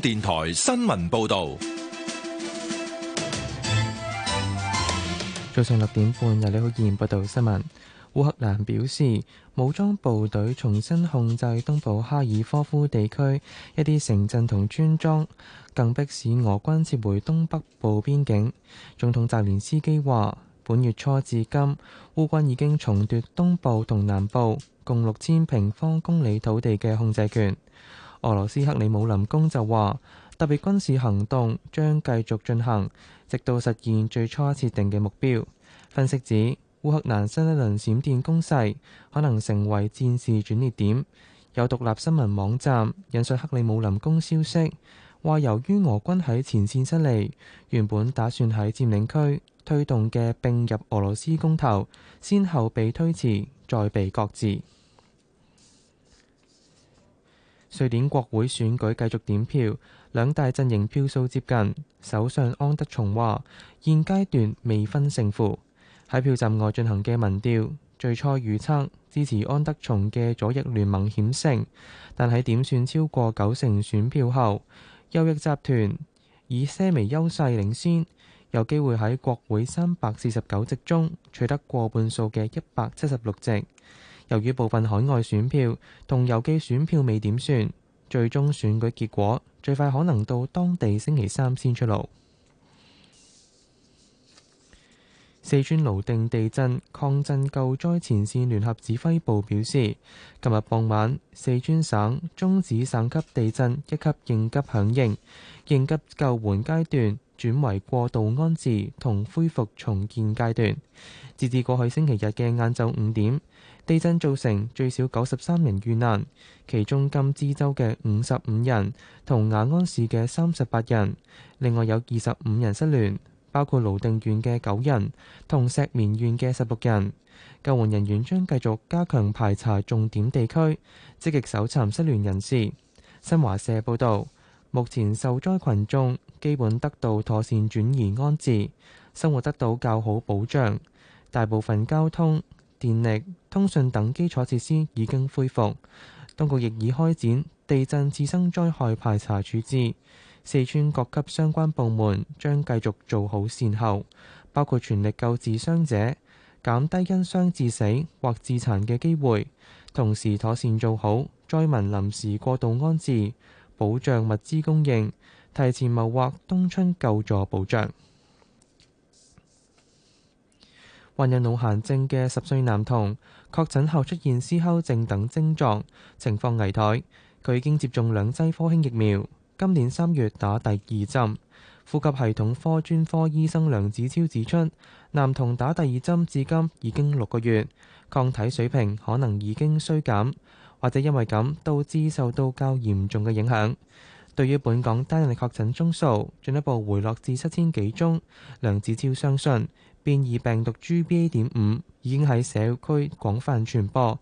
電台新聞報道：早上六點半由李浩然報道新聞。烏克蘭表示，武裝部隊重新控制東部哈爾科夫地區一啲城鎮同村莊，更迫使俄軍撤回東北部邊境。總統澤連斯基話：本月初至今，烏軍已經重奪東部同南部共六千平方公里土地嘅控制權。俄羅斯克里姆林宮就話，特別軍事行動將繼續進行，直到實現最初設定嘅目標。分析指，烏克蘭新一輪閃電攻勢可能成為戰事轉捩點。有獨立新聞網站引述克里姆林宮消息，話由於俄軍喺前線失利，原本打算喺佔領區推動嘅並入俄羅斯公投，先後被推遲，再被擱置。瑞典國會選舉繼續點票，兩大陣營票數接近。首相安德松話：現階段未分勝負。喺票站外進行嘅民調，最初預測支持安德松嘅左翼聯盟險勝，但喺點算超過九成選票後，右翼集團以些微優勢領先，有機會喺國會三百四十九席中取得過半數嘅一百七十六席。由於部分海外選票同郵寄選票未點算，最終選舉結果最快可能到當地星期三先出爐。四川瀘定地震抗震救災前線聯合指揮部表示，琴日傍晚四川省終止省級地震一級應急響應，應急救援階段轉為過渡安置同恢復重建階段。截至過去星期日嘅晏晝五點。地震造成最少九十三人遇難，其中甘孜州嘅五十五人同雅安市嘅三十八人，另外有二十五人失聯，包括瀘定縣嘅九人同石棉縣嘅十六人。救援人員將繼續加強排查重點地區，積極搜尋失聯人士。新華社報道，目前受災群眾基本得到妥善轉移安置，生活得到較好保障，大部分交通、電力。通信等基礎設施已經恢復，當局亦已開展地震次生災害排查處置。四川各級相關部門將繼續做好善後，包括全力救治傷者，減低因傷致死或致殘嘅機會，同時妥善做好災民臨時過渡安置，保障物資供應，提前謀劃冬，冬春救助保障。患有腦癇症嘅十歲男童，確診後出現哮吼症等症狀，情況危殆。佢已經接種兩劑科興疫苗，今年三月打第二針。呼吸系統科專科醫生梁子超指出，男童打第二針至今已經六個月，抗體水平可能已經衰減，或者因為咁導致受到較嚴重嘅影響。對於本港單日嘅確診宗數進一步回落至七千幾宗，梁子超相信，變異病毒 G.B.A. 點五已經喺社區廣泛傳播，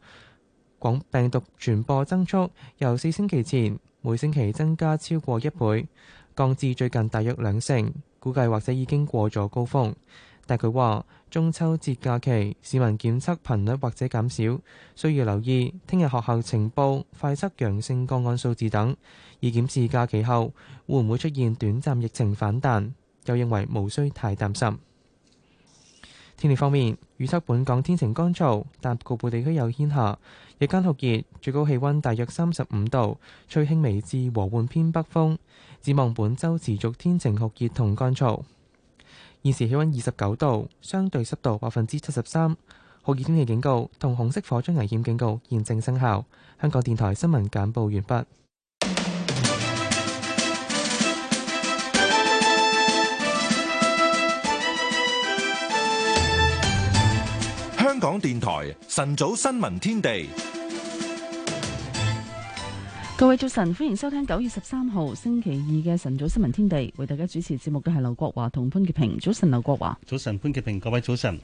廣病毒傳播增速由四星期前每星期增加超過一倍，降至最近大約兩成，估計或者已經過咗高峰。但佢話中秋節假期市民檢測頻率或者減少，需要留意聽日學校情報、快測陽性個案數字等，以檢視假期後會唔會出現短暫疫情反彈。又認為無需太擔心。天氣方面，預測本港天晴乾燥，但局部地區有煙霞。日間酷熱，最高氣温大約三十五度，吹輕微至和緩偏北風。展望本周持續天晴酷熱同乾燥。現時氣温二十九度，相對濕度百分之七十三。酷熱天氣警告同紅色火災危險警告現正生效。香港電台新聞簡報完畢。香港電台晨早新聞天地，各位早晨，歡迎收聽九月十三號星期二嘅晨早新聞天地，為大家主持節目嘅係劉國華同潘潔平。早晨，劉國華，早晨，潘潔平，各位早晨。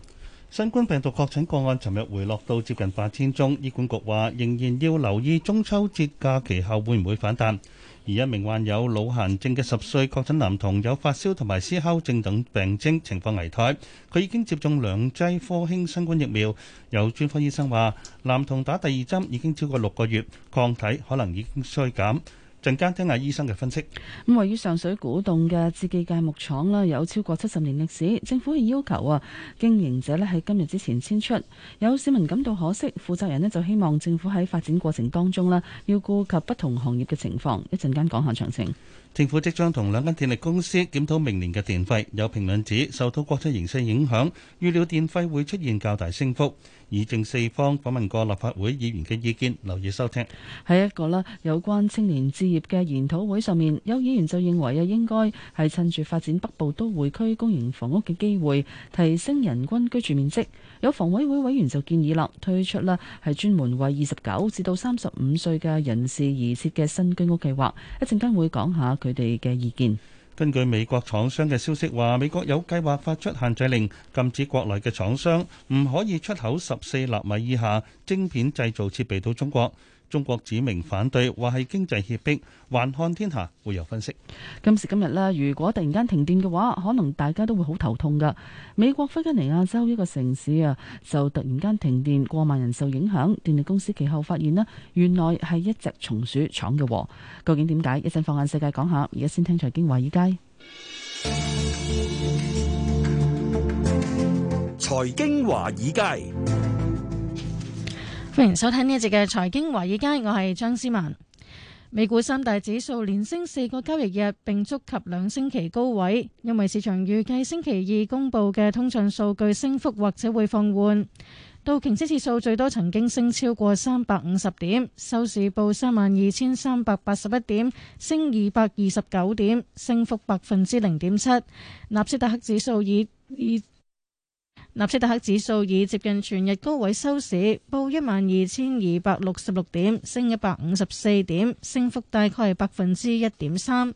新冠病毒確診個案尋日回落到接近八千宗，醫管局話仍然要留意中秋節假期後會唔會反彈。而一名患有腦癇症嘅十歲確診男童有發燒同埋思考症等病徵，情況危殆。佢已經接種兩劑科興新冠疫苗。有專科醫生話，男童打第二針已經超過六個月，抗體可能已經衰減。陣間聽下醫生嘅分析。咁位於上水古洞嘅志記界木廠啦，有超過七十年歷史，政府係要求啊經營者咧喺今日之前遷出。有市民感到可惜，負責人咧就希望政府喺發展過程當中咧，要顧及不同行業嘅情況。一陣間講下詳情。政府即將同兩間電力公司檢討明年嘅電費。有評論指受到國際形勢影響，預料電費會出現較大升幅。以正四方訪問過立法會議員嘅意見，留意收聽。喺一個啦，有關青年置業嘅研討會上面，有議員就認為啊，應該係趁住發展北部都會區公營房屋嘅機會，提升人均居住面積。有房委會委員就建議啦，推出啦係專門為二十九至到三十五歲嘅人士而設嘅新居屋計劃。一陣間會講下佢哋嘅意見。根據美國廠商嘅消息話，美國有計劃發出限制令，禁止國內嘅廠商唔可以出口十四納米以下晶片製造設備到中國。中國指明反對，話係經濟脅迫。橫看天下會有分析。今時今日咧，如果突然間停電嘅話，可能大家都會好頭痛噶。美國弗吉尼亞州一個城市啊，就突然間停電，過萬人受影響。電力公司其後發現咧，原來係一隻松鼠闖嘅禍。究竟點解？一陣放眼世界講下。而家先聽財經華爾街。財經華爾街。歡迎收睇呢一節嘅財經華爾街，我係張思文。美股三大指數連升四個交易日，並觸及兩星期高位，因為市場預計星期二公布嘅通脹數據升幅或者會放緩。道瓊斯指數最多曾經升超過三百五十點，收市報三萬二千三百八十一點，升二百二十九點，升幅百分之零點七。納斯達克指數以，以納斯達克指數已，接近全日高位收市，報一萬二千二百六十六點，升一百五十四點，升幅大概係百分之一點三。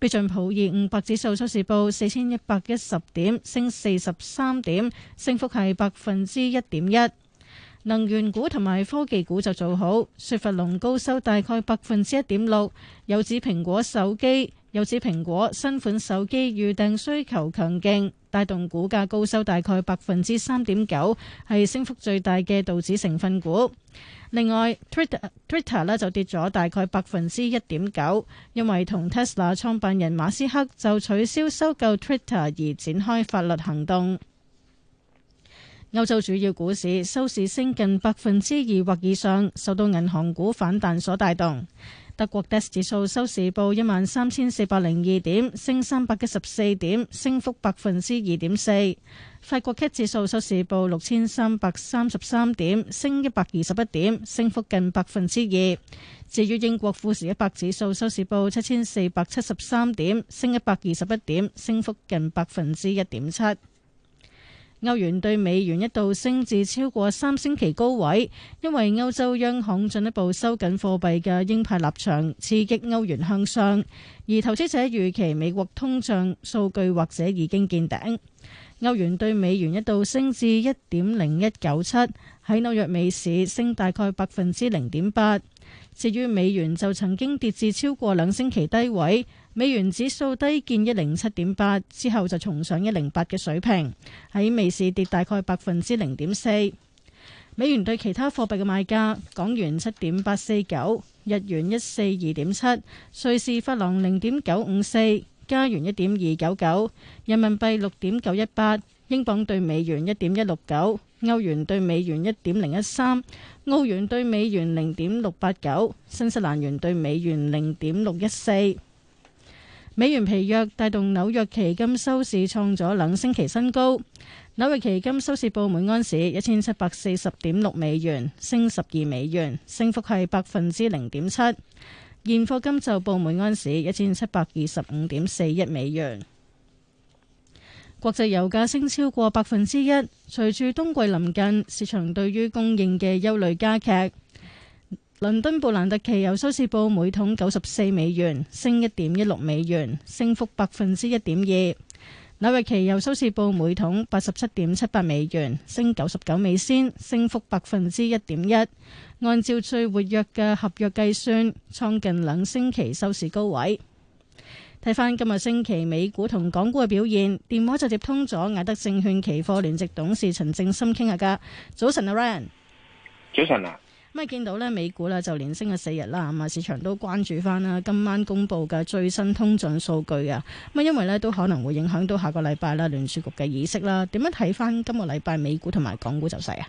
標準普爾五百指數收市報四千一百一十點，升四十三點，升幅係百分之一點一。能源股同埋科技股就做好，雪佛龍高收大概百分之一點六，有指蘋果手機。有指蘋果新款手機預訂需求強勁，帶動股價高收大概百分之三點九，係升幅最大嘅道指成分股。另外，Twitter 呢就跌咗大概百分之一點九，因為同 Tesla 創辦人馬斯克就取消收購 Twitter 而展開法律行動。歐洲主要股市收市升近百分之二或以上，受到銀行股反彈所帶動。德國 DAX 指數收市報一萬三千四百零二點，升三百一十四點，升幅百分之二點四。法國 CAC 指數收市報六千三百三十三點，升一百二十一點，升幅近百分之二。至於英國富時一百指數收市報七千四百七十三點，升一百二十一點，升幅近百分之一點七。歐元對美元一度升至超過三星期高位，因為歐洲央行進一步收緊貨幣嘅鷹派立場，刺激歐元向上。而投資者預期美國通脹數據或者已經見頂。歐元對美元一度升至一點零一九七，喺紐約美市升大概百分之零點八。至於美元就曾經跌至超過兩星期低位。美元指數低見一零七點八之後就重上一零八嘅水平，喺美市跌大概百分之零點四。美元對其他貨幣嘅賣價：港元七點八四九，日元一四二點七，瑞士法郎零點九五四，加元一點二九九，人民幣六點九一八，英鎊兌美元一點一六九，歐元兌美元一點零一三，澳元兌美元零點六八九，新西蘭元兌美元零點六一四。美元疲弱帶動紐約期金收市，創咗兩星期新高。紐約期金收市報每安士一千七百四十點六美元，升十二美元，升幅係百分之零點七。現貨金就報每安士一千七百二十五點四一美元。國際油價升超過百分之一，隨住冬季臨近，市場對於供應嘅憂慮加劇。倫敦布蘭特期油收市報每桶九十四美元，升一點一六美元，升幅百分之一點二。紐約期油收市報每桶八十七點七八美元，升九十九美仙，升幅百分之一點一。按照最活躍嘅合約計算，創近兩星期收市高位。睇返今日星期美股同港股嘅表現，電話就接通咗艾德證券期貨聯席董事陳正深傾下偈。早晨，阿 Ryan 早晨啊。Ryan 咁啊，見到咧，美股咧就連升咗四日啦，咁啊，市場都關注翻啦，今晚公佈嘅最新通脹數據呀。咁啊，因為咧都可能會影響到下個禮拜啦，聯儲局嘅意息啦。點樣睇翻今個禮拜美股同埋港股走勢啊？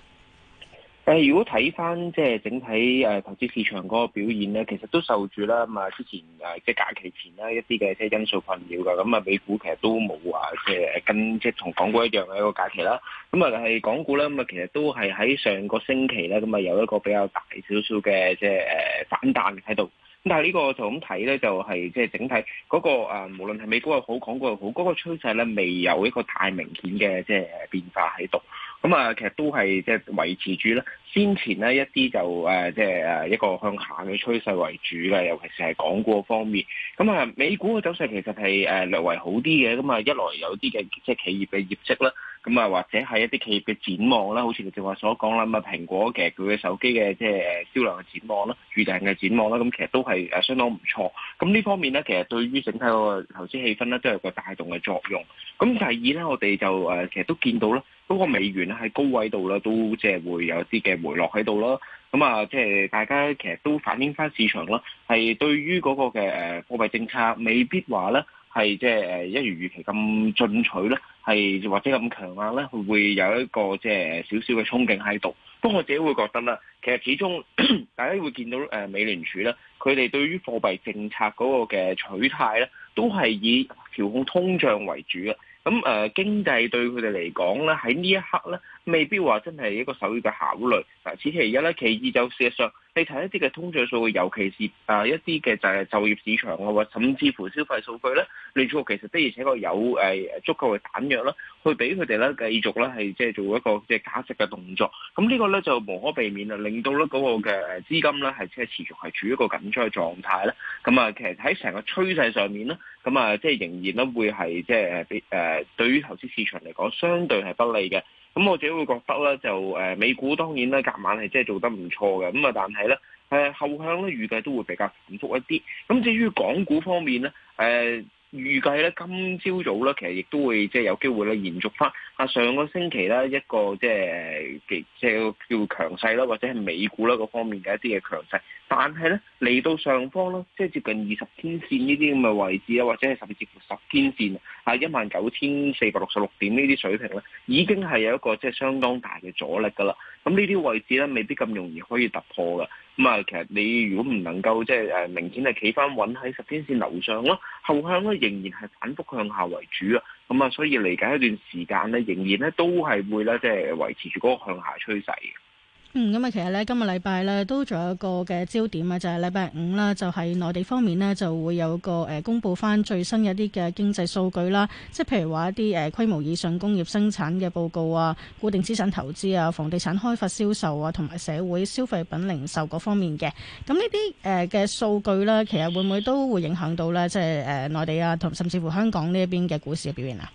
誒，如果睇翻即係整體誒投資市場嗰個表現咧，其實都受住啦。咁啊，之前誒即係假期前咧一啲嘅即係因素困擾㗎。咁啊，美股其實都冇話即係跟即係同港股一樣嘅一個假期啦。咁啊，但係港股咧，咁啊其實都係喺上個星期咧，咁啊有一個比較大少少嘅即係誒反彈喺度。咁但係呢個就咁睇咧，就係即係整體嗰、那個誒，無論係美股又好，港股又好，嗰、那個趨勢咧未有一個太明顯嘅即係變化喺度。咁啊，其實都係即係維持住咧，先前咧一啲就誒即係誒一個向下嘅趨勢為主嘅，尤其是係港股方面。咁啊，美股嘅走勢其實係誒略為好啲嘅，咁啊一來有啲嘅即係企業嘅業績啦。咁啊，或者係一啲企業嘅展望啦，好似你正話所講啦，咁啊，蘋果其實佢嘅手機嘅即係銷量嘅展望啦、預訂嘅展望啦，咁其實都係誒相當唔錯。咁呢方面咧，其實對於整體個投資氣氛咧，都有個帶動嘅作用。咁第二咧，我哋就誒其實都見到咧，嗰個美元喺高位度咧，都即係會有啲嘅回落喺度啦。咁啊，即係大家其實都反映返市場啦，係對於嗰個嘅誒貨幣政策未必話咧。係即係誒一如預期咁進取咧，係或者咁強硬咧，會會有一個即係少少嘅憧憬喺度。不過我自己會覺得咧，其實始終 大家會見到誒美聯儲咧，佢哋對於貨幣政策嗰個嘅取態咧，都係以調控通脹為主嘅。咁誒、呃、經濟對佢哋嚟講咧，喺呢一刻咧。未必話真係一個首要嘅考慮。嗱，此其一啦。其二就事實上，你睇一啲嘅通脹數據，尤其是啊一啲嘅就係就業市場啊，甚至乎消費數據咧，你做其實的而且確有誒足夠嘅彈藥啦，去俾佢哋咧繼續咧係即係做一個即係加息嘅動作。咁呢個咧就無可避免啦，令到咧嗰個嘅資金咧係即係持續係處於一個緊張嘅狀態咧。咁啊，其實喺成個趨勢上面咧，咁啊即係仍然咧會係即係誒對於投資市場嚟講，相對係不利嘅。咁、嗯、我自己會覺得咧，就誒、呃、美股當然咧，隔晚係即係做得唔錯嘅，咁啊，但係咧誒後向咧預計都會比較反覆一啲。咁至於港股方面咧，誒、呃。預計咧，今朝早咧，其實亦都會即係有機會咧，延續翻啊上個星期咧一個即係即係叫強勢啦，或者係美股啦嗰方面嘅一啲嘅強勢，但係咧嚟到上方咧，即係接近二十天線呢啲咁嘅位置啊，或者係甚至乎十天線啊，一萬九千四百六十六點呢啲水平咧，已經係有一個即係相當大嘅阻力㗎啦。咁呢啲位置咧，未必咁容易可以突破㗎。咁啊，其實你如果唔能夠即係誒明顯係企返穩喺十天線樓上咯，後向咧仍然係反覆向下為主啊。咁啊，所以嚟緊一段時間咧，仍然咧都係會咧即係維持住嗰個向下趨勢嘅。嗯，咁啊，其實咧，今日禮拜咧都仲有一個嘅焦點啊，就係、是、禮拜五啦，就係、是、內地方面呢，就會有個誒、呃、公布翻最新一啲嘅經濟數據啦，即係譬如話一啲誒規模以上工業生產嘅報告啊、固定資產投資啊、房地產開發銷售啊同埋社會消費品零售嗰方面嘅，咁呢啲誒嘅數據呢，其實會唔會都會影響到呢，即係誒內地啊同甚至乎香港呢一邊嘅股市嘅表現啊？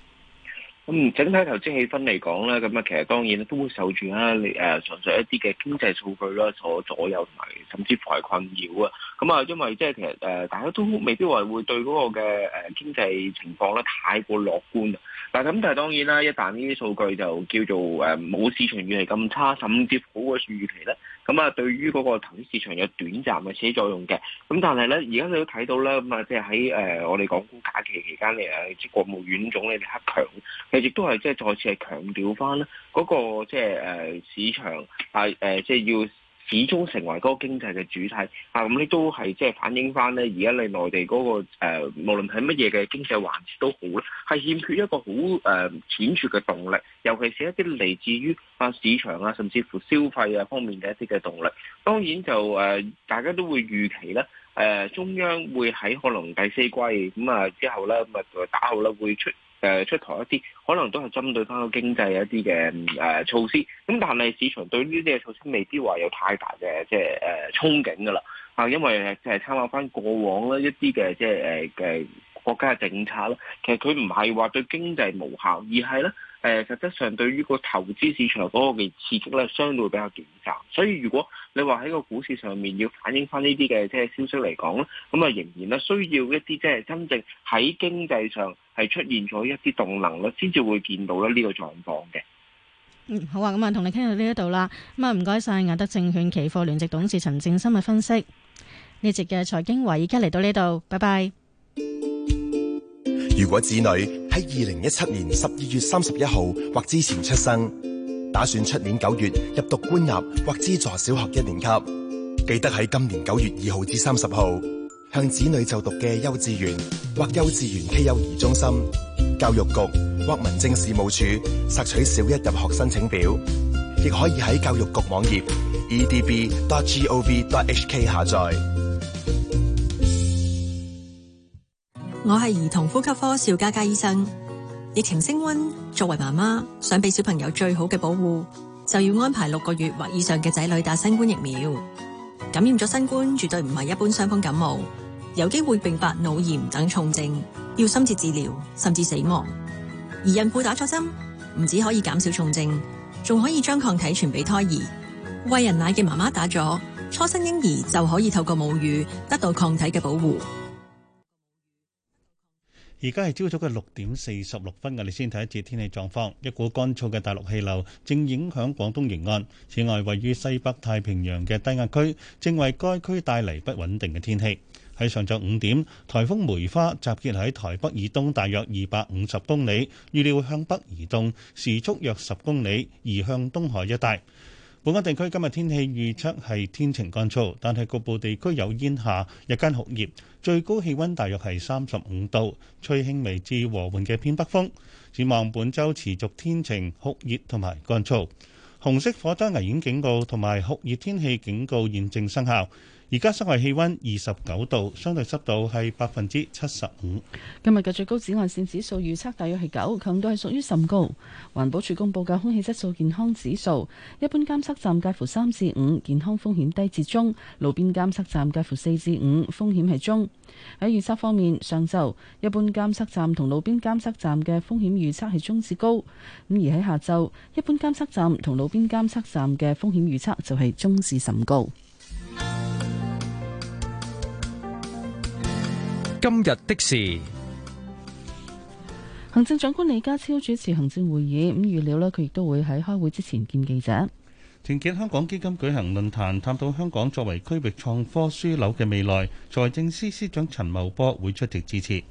咁整體投資氣氛嚟講咧，咁啊，其實當然都會受住咧誒純粹一啲嘅經濟數據啦，所左右同埋甚至乎係困擾啊。咁啊，因為即係其實誒大家都未必話會對嗰個嘅誒經濟情況咧太過樂觀啊。嗱，咁但係當然啦，一旦呢啲數據就叫做誒冇市場預期咁差，甚至好過預期咧。咁啊、嗯，對於嗰個投資市場有短暫嘅起作用嘅，咁、嗯、但係咧，而家你都睇到啦。咁、嗯、啊，即係喺誒我哋港股假期期間嚟啊，即係國務院總理李克強，佢亦都係即係再次係強調翻咧嗰個即係誒市場啊誒，即、呃、係、就是、要。始終成為嗰個經濟嘅主體，啊，咁咧都係即係反映翻咧，而家你內地嗰、那個誒、呃，無論係乜嘢嘅經濟環節都好咧，係欠缺一個好誒淺缺嘅動力，尤其是一啲嚟自於啊市場啊，甚至乎消費啊方面嘅一啲嘅動力。當然就誒、呃，大家都會預期咧，誒、呃，中央會喺可能第四季咁、嗯、啊之後咧，咁啊打後咧會出。誒出台一啲可能都係針對翻個經濟一啲嘅誒措施，咁但係市場對呢啲嘅措施未必話有太大嘅即係誒憧憬㗎啦，啊，因為即係參考翻過往咧一啲嘅即係誒嘅國家嘅政策咧，其實佢唔係話對經濟無效，而係咧。誒，實質上對於個投資市場嗰個嘅刺激咧，相對比較勁窄。所以如果你話喺個股市上面要反映翻呢啲嘅即係消息嚟講咧，咁啊仍然咧需要一啲即係真正喺經濟上係出現咗一啲動能咧，先至會見到咧呢個狀況嘅。嗯，好啊，咁、嗯、啊，同你傾到呢一度啦。咁、嗯、啊，唔該晒亞德證券期貨聯席董事陳正深嘅分析。呢節嘅財經圍，而家嚟到呢度，拜拜。如果子女喺二零一七年十二月三十一號或之前出生，打算出年九月入讀官立或資助小學一年級，記得喺今年九月二號至三十號，向子女就讀嘅幼稚園或幼稚園暨幼兒中心、教育局或民政事務處索取小一入學申請表，亦可以喺教育局網頁 edb.gov.hk 下載。我係兒童呼吸科邵嘉嘉醫生。疫情升溫，作為媽媽想俾小朋友最好嘅保護，就要安排六個月或以上嘅仔女打新冠疫苗。感染咗新冠絕對唔係一般傷風感冒，有機會併發腦炎等重症，要深切治療甚至死亡。而孕婦打咗針，唔止可以減少重症，仲可以將抗體傳俾胎兒。餵人奶嘅媽媽打咗，初生嬰兒就可以透過母乳得到抗體嘅保護。而家係朝早嘅六點四十六分嘅，我先睇一節天氣狀況。一股乾燥嘅大陸氣流正影響廣東沿岸。此外，位於西北太平洋嘅低壓區正為該區帶嚟不穩定嘅天氣。喺上晝五點，颱風梅花集結喺台北以東大約二百五十公里，預料向北移動，時速約十公里，移向東海一帶。本港地區今日天，天氣預測係天晴乾燥，但係局部地區有煙霞、日間酷熱。最高氣溫大約係三十五度，吹輕微至和緩嘅偏北風。展望本周持續天晴，酷熱同埋乾燥。紅色火災危險警告同埋酷熱天氣警告現正生效。而家室外氣溫二十九度，相對濕度係百分之七十五。今日嘅最高紫外綫指數預測大約係九，強度係屬於甚高。環保署公布嘅空氣質素健康指數，一般監測站介乎三至五，健康風險低至中；路邊監測站介乎四至五，風險係中。喺預測方面，上晝一般監測站同路邊監測站嘅風險預測係中至高，咁而喺下晝一般監測站同路邊監測站嘅風險預測就係中至甚高。今日的事，行政長官李家超主持行政會議，咁預料咧，佢亦都會喺開會之前見記者。團結香港基金舉行論壇，探討香港作為區域創科樞紐嘅未來。財政司司長陳茂波會出席支持。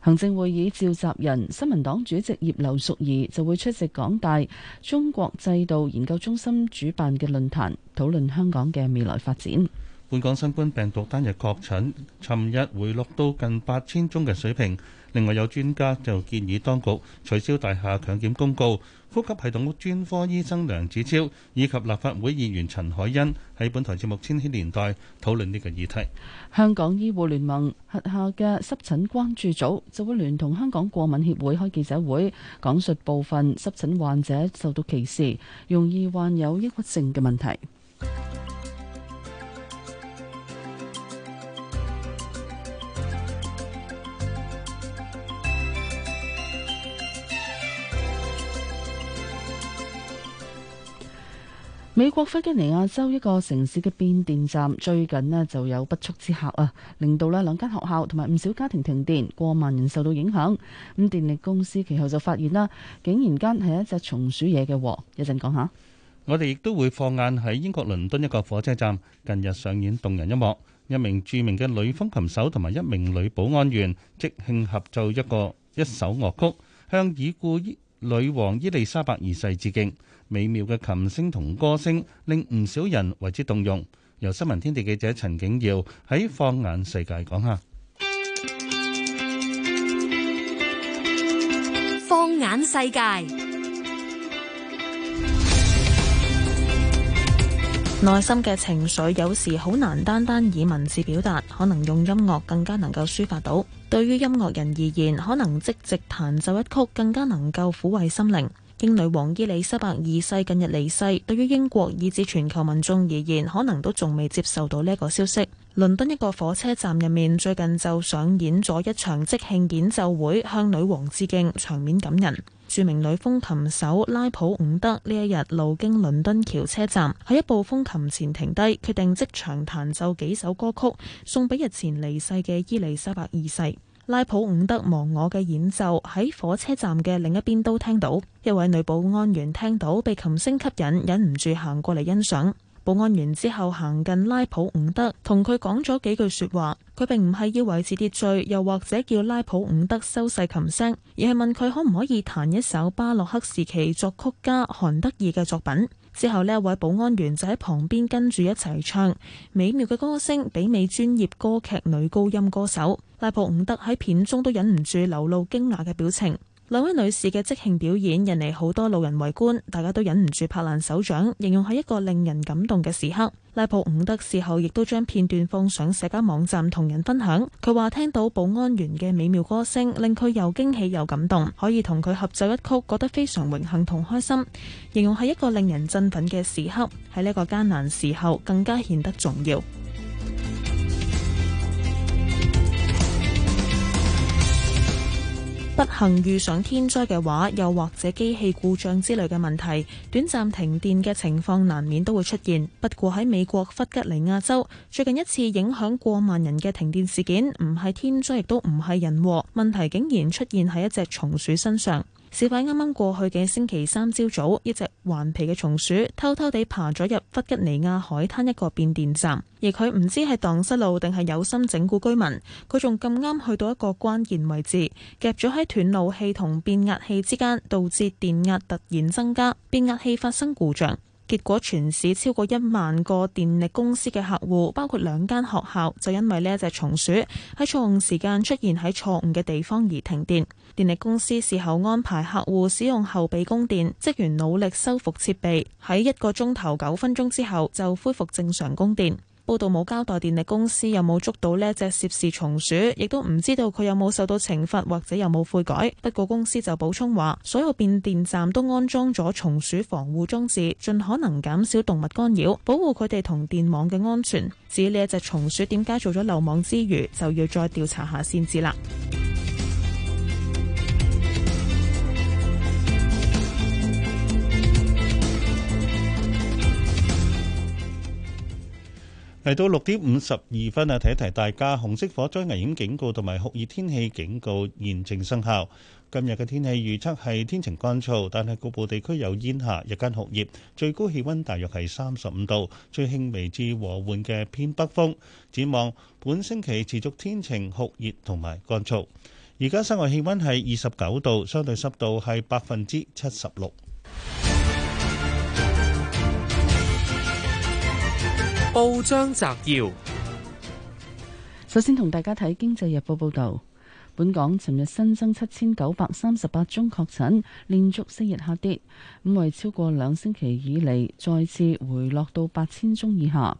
行政會議召集人、新民黨主席葉劉淑儀就會出席港大中國制度研究中心主辦嘅論壇，討論香港嘅未來發展。本港新冠病毒單日確診尋日回落到近八千宗嘅水平，另外有專家就建議當局取消大廈強檢公告。呼吸系統專科醫生梁子超以及立法會議員陳海欣喺本台節目《千禧年代》討論呢個議題。香港醫護聯盟轄下嘅濕疹關注組就會聯同香港過敏協會開記者會，講述部分濕疹患者受到歧視，容易患有抑鬱症嘅問題。美國弗吉尼亞州一個城市嘅變電站最近咧就有不速之客啊，令到咧兩間學校同埋唔少家庭停電，過萬人受到影響。咁電力公司其後就發現啦，竟然間係一隻松鼠嘢嘅禍。一陣講下，我哋亦都會放眼喺英國倫敦一個火車站，近日上演動人音樂，一名著名嘅女風琴手同埋一名女保安員即興合奏一個一首樂曲，向已故伊女王伊麗莎白二世致敬。美妙嘅琴聲同歌聲令唔少人為之動容。由新聞天地記者陳景耀喺《放眼世界》講下，《放眼世界》 內心嘅情緒有時好難單單單以文字表達，可能用音樂更加能夠抒發到。對於音樂人而言，可能即席彈奏奏一曲更加能夠撫慰心靈。英女王伊麗莎白二世近日離世，對於英國以至全球民眾而言，可能都仲未接受到呢一個消息。倫敦一個火車站入面，最近就上演咗一場即興演奏會，向女王致敬，場面感人。著名女風琴手拉普伍德呢一日路經倫敦橋車站，喺一部風琴前停低，決定即場彈奏幾首歌曲，送俾日前離世嘅伊麗莎白二世。拉普伍德忘我嘅演奏喺火車站嘅另一邊都聽到，一位女保安員聽到被琴聲吸引，忍唔住行過嚟欣賞。保安員之後行近拉普伍德，同佢講咗幾句說話，佢並唔係要維持秩序，又或者叫拉普伍德收細琴聲，而係問佢可唔可以彈一首巴洛克時期作曲家韓德爾嘅作品。之後呢一位保安員就喺旁邊跟住一齊唱美妙嘅歌聲，媲美專業歌劇女高音歌手。拉普伍德喺片中都忍唔住流露驚訝嘅表情，兩位女士嘅即興表演引嚟好多路人圍觀，大家都忍唔住拍爛手掌，形容係一個令人感動嘅時刻。拉普伍德事後亦都將片段放上社交網站同人分享，佢話聽到保安員嘅美妙歌聲，令佢又驚喜又感動，可以同佢合奏一曲，覺得非常榮幸同開心，形容係一個令人振奮嘅時刻，喺呢個艱難時候更加顯得重要。不幸遇上天災嘅話，又或者機器故障之類嘅問題，短暫停電嘅情況難免都會出現。不過喺美國弗吉尼亞州，最近一次影響過萬人嘅停電事件，唔係天災，亦都唔係人禍，問題竟然出現喺一隻松鼠身上。事發啱啱過去嘅星期三朝早，一隻頑皮嘅松鼠偷偷地爬咗入弗吉尼亞海灘一個變電站，而佢唔知係蕩失路定係有心整蠱居民。佢仲咁啱去到一個關鍵位置，夾咗喺斷路器同變壓器之間，導致電壓突然增加，變壓器發生故障。結果全市超過一萬個電力公司嘅客戶，包括兩間學校，就因為呢一隻松鼠喺錯誤時間出現喺錯誤嘅地方而停電。電力公司事後安排客戶使用後備供電，職員努力修復設備，喺一個鐘頭九分鐘之後就恢復正常供電。報道冇交代電力公司有冇捉到呢一隻涉事松鼠，亦都唔知道佢有冇受到懲罰或者有冇悔改。不過公司就補充話，所有變電站都安裝咗松鼠防護裝置，盡可能減少動物干擾，保護佢哋同電網嘅安全。至於呢一隻松鼠點解做咗漏網之魚，就要再調查下先知啦。嚟到六點五十二分啊，提一提大家，紅色火災危險警告同埋酷熱天氣警告現正生效。今日嘅天氣預測係天晴乾燥，但係局部地區有煙霞，日間酷熱，最高氣温大約係三十五度，吹輕微至和緩嘅偏北風。展望本星期持續天晴酷熱同埋乾燥。而家室外氣温係二十九度，相對濕度係百分之七十六。報章摘要，首先同大家睇《經濟日報》報道，本港尋日新增七千九百三十八宗確診，連續四日下跌，五為超過兩星期以嚟再次回落到八千宗以下。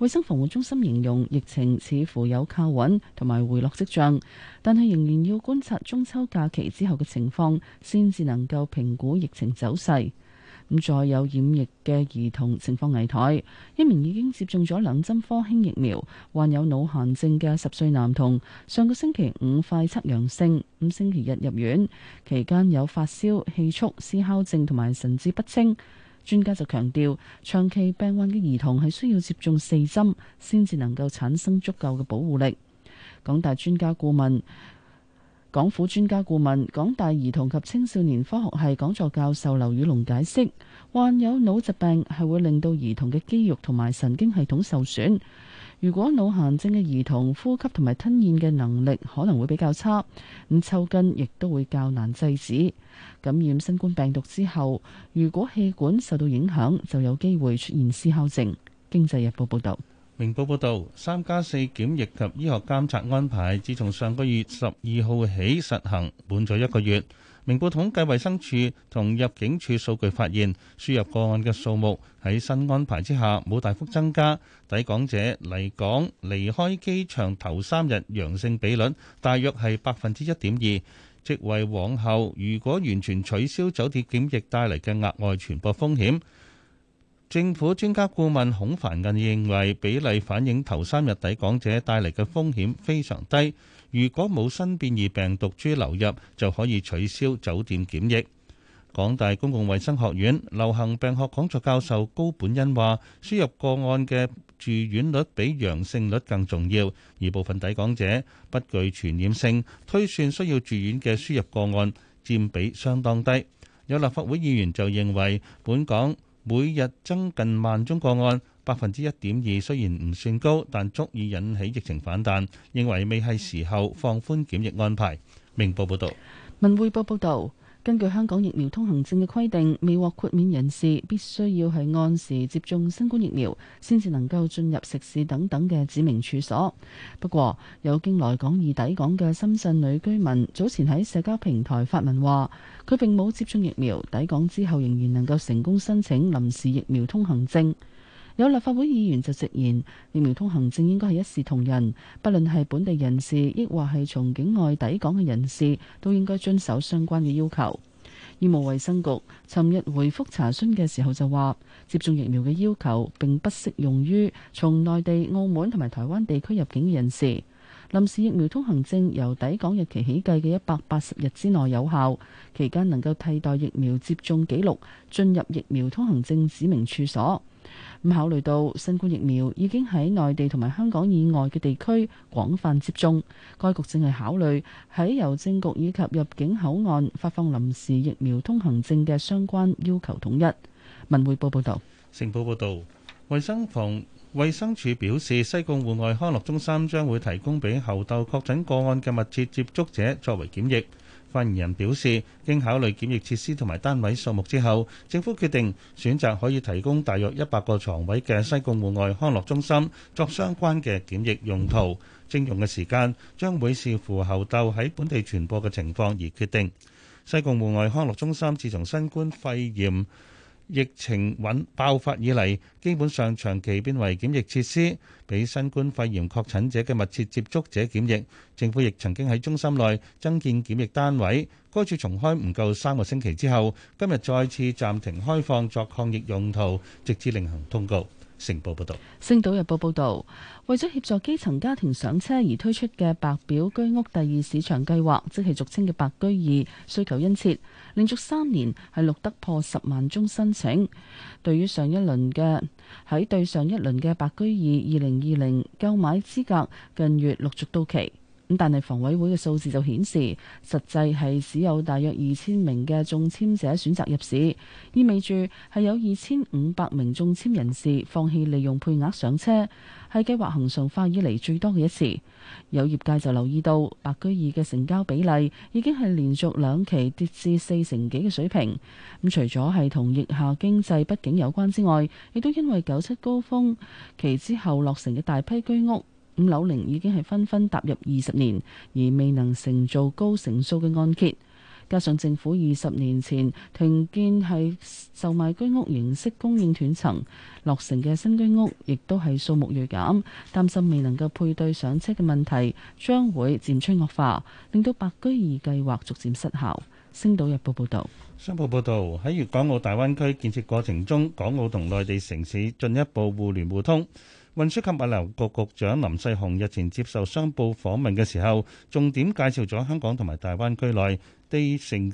衛生防護中心形容疫情似乎有靠穩同埋回落跡象，但係仍然要觀察中秋假期之後嘅情況，先至能夠評估疫情走勢。咁再有染疫嘅兒童情況危殆，一名已經接種咗兩針科興疫苗、患有腦癇症嘅十歲男童，上個星期五快測陽性，五星期日入院，期間有發燒、氣促、思考症同埋神志不清。專家就強調，長期病患嘅兒童係需要接種四針先至能夠產生足夠嘅保護力。港大專家顧問。港府專家顧問、港大兒童及青少年科學系講座教授劉宇龍解釋，患有腦疾病係會令到兒童嘅肌肉同埋神經系統受損。如果腦癱症嘅兒童呼吸同埋吞咽嘅能力可能會比較差，咁抽筋亦都會較難制止。感染新冠病毒之後，如果氣管受到影響，就有機會出現思考症。經濟日報報道。明報報導，三加四檢疫及醫學監察安排自從上個月十二號起實行，滿咗一個月。明報統計衞生署同入境處數據發現，輸入個案嘅數目喺新安排之下冇大幅增加。抵港者嚟港離開機場頭三日陽性比率大約係百分之一點二，即為往後如果完全取消酒店檢疫帶嚟嘅額外傳播風險。政府專家顧問孔繁毅認為，比例反映頭三日抵港者帶嚟嘅風險非常低。如果冇新變異病毒株流入，就可以取消酒店檢疫。港大公共衛生學院流行病學講座教授高本恩話：輸入個案嘅住院率比陽性率更重要。而部分抵港者不具傳染性，推算需要住院嘅輸入個案佔比相當低。有立法會議員就認為，本港每日增近萬宗個案，百分之一點二雖然唔算高，但足以引起疫情反彈。認為未係時候放寬檢疫安排。明報報道。文匯報報道。根據香港疫苗通行證嘅規定，未獲豁免人士必須要係按時接種新冠疫苗，先至能夠進入食肆等等嘅指明處所。不過，有經來港而抵港嘅深圳女居民早前喺社交平台發文話，佢並冇接種疫苗，抵港之後仍然能夠成功申請臨時疫苗通行證。有立法會議員就直言，疫苗通行證應該係一視同仁，不論係本地人士，亦或係從境外抵港嘅人士，都應該遵守相關嘅要求。醫務衛生局尋日回覆查詢嘅時候就話，接種疫苗嘅要求並不適用於從內地、澳門同埋台灣地區入境嘅人士。臨時疫苗通行證由抵港日期起計嘅一百八十日之內有效，期間能夠替代疫苗接種記錄進入疫苗通行證指明處所。咁考慮到新冠疫苗已經喺內地同埋香港以外嘅地區廣泛接種，該局正係考慮喺郵政局以及入境口岸發放臨時疫苗通行證嘅相關要求統一。文匯報報道，成報報道，衛生防衛生署表示，西貢戶外康樂中心將會提供俾猴痘確診個案嘅密切接觸者作為檢疫。發言人表示，經考慮檢疫設施同埋單位數目之後，政府決定選擇可以提供大約一百個床位嘅西貢戶外康樂中心作相關嘅檢疫用途。徵用嘅時間將會視乎後鬥喺本地傳播嘅情況而決定。西貢戶外康樂中心自從新冠肺炎疫情穩爆發以嚟，基本上長期變為檢疫設施，俾新冠肺炎確診者嘅密切接觸者檢疫。政府亦曾經喺中心內增建檢疫單位，該處重開唔夠三個星期之後，今日再次暫停開放作抗疫用途，直至另行通告。星島日報報道，為咗協助基層家庭上車而推出嘅白表居屋第二市場計劃，即係俗稱嘅白居二需求殷切，連續三年係錄得破十萬宗申請。對於上一輪嘅喺對上一輪嘅白居二二零二零購買資格，近月陸續到期。咁但係房委會嘅數字就顯示，實際係只有大約二千名嘅中籤者選擇入市，意味住係有二千五百名中籤人士放棄利用配額上車，係計劃恆常化以嚟最多嘅一次。有業界就留意到，白居二嘅成交比例已經係連續兩期跌至四成幾嘅水平。咁除咗係同疫下經濟不景有關之外，亦都因為九七高峰期之後落成嘅大批居屋五樓齡已經係紛紛踏入二十年，而未能成造高成數嘅按揭，加上政府二十年前停建係售賣居屋形式供應斷層，落成嘅新居屋亦都係數目銳減，擔心未能夠配對上車嘅問題將會漸趨惡化，令到白居二計劃逐漸失效。星島日報報道：「商報報道，喺粵港澳大灣區建設過程中，港澳同內地城市進一步互聯互通。運輸及物流局局長林世雄日前接受商報訪問嘅時候，重點介紹咗香港同埋大灣區內地城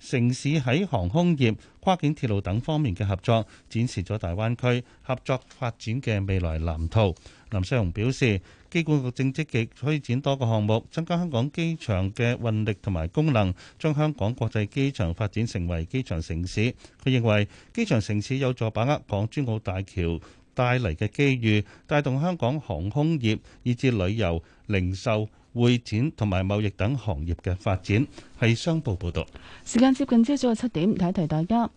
城市喺航空業、跨境鐵路等方面嘅合作，展示咗大灣區合作發展嘅未來藍圖。林世雄表示，機管局正積極開展多個項目，增加香港機場嘅運力同埋功能，將香港國際機場發展成為機場城市。佢認為，機場城市有助把握港珠澳大橋帶嚟嘅機遇，帶動香港航空業以至旅遊、零售、會展同埋貿易等行業嘅發展，係商報報道。時間接近朝早嘅七點，提提大家，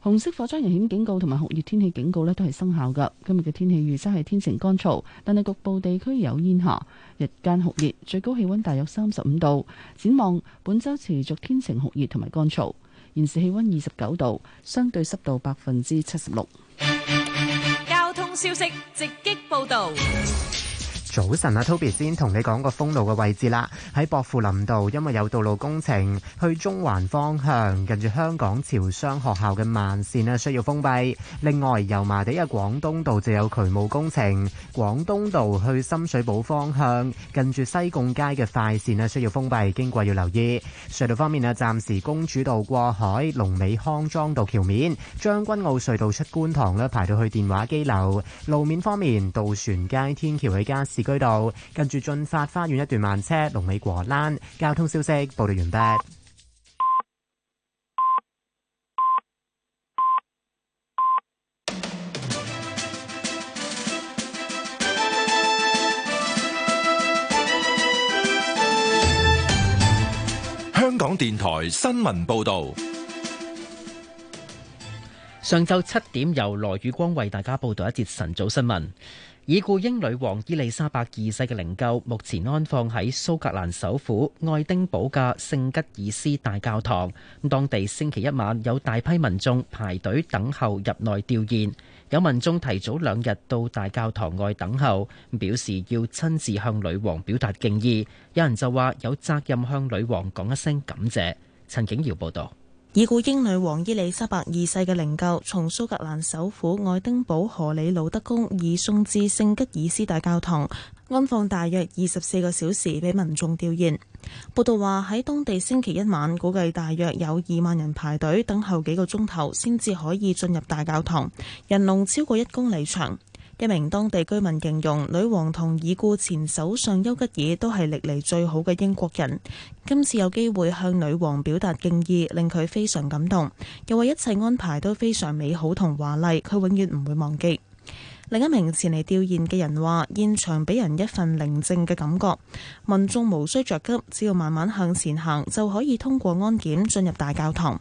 紅色火災危險警告同埋酷熱天氣警告咧都係生效噶。今日嘅天氣預測係天晴乾燥，但係局部地區有煙霞。日間酷熱，最高氣温大約三十五度。展望本週持續天晴酷熱同埋乾燥，現時氣温二十九度，相對濕度百分之七十六。 消息直擊報導。早晨啊，Toby 先同你講個封路嘅位置啦。喺薄扶林道，因為有道路工程，去中環方向，近住香港潮商學校嘅慢線咧需要封閉。另外，油麻地嘅廣東道就有渠務工程，廣東道去深水埗方向，近住西貢街嘅快線咧需要封閉，經過要留意。隧道方面咧，暫時公主道過海、龍尾康莊道橋面、將軍澳隧道出觀塘咧排到去電話機樓。路面方面，渡船街天橋喺加士居道跟住進發花園一段慢車，龍尾過欄。交通消息報道完畢。香港電台新聞報道，上晝七點由羅宇光為大家報道一節晨早新聞。已故英女王伊麗莎白二世嘅靈柩目前安放喺蘇格蘭首府愛丁堡嘅聖吉爾斯大教堂。當地星期一晚有大批民眾排隊等候入內吊唁，有民眾提早兩日到大教堂外等候，表示要親自向女王表達敬意。有人就話有責任向女王講一聲感謝。陳景瑤報道。已故英女王伊麗莎白二世嘅靈柩從蘇格蘭首府愛丁堡荷里路德宮移送至聖吉爾斯大教堂安放，大約二十四個小時俾民眾吊唁。報道話喺當地星期一晚，估計大約有二萬人排隊等候幾個鐘頭，先至可以進入大教堂，人龍超過一公里長。一名當地居民形容女王同已故前首相丘吉爾都係歷來最好嘅英國人，今次有機會向女王表達敬意，令佢非常感動。又話一切安排都非常美好同華麗，佢永遠唔會忘記。另一名前來吊唁嘅人話，現場畀人一份寧靜嘅感覺，民眾無需着急，只要慢慢向前行就可以通過安檢進入大教堂。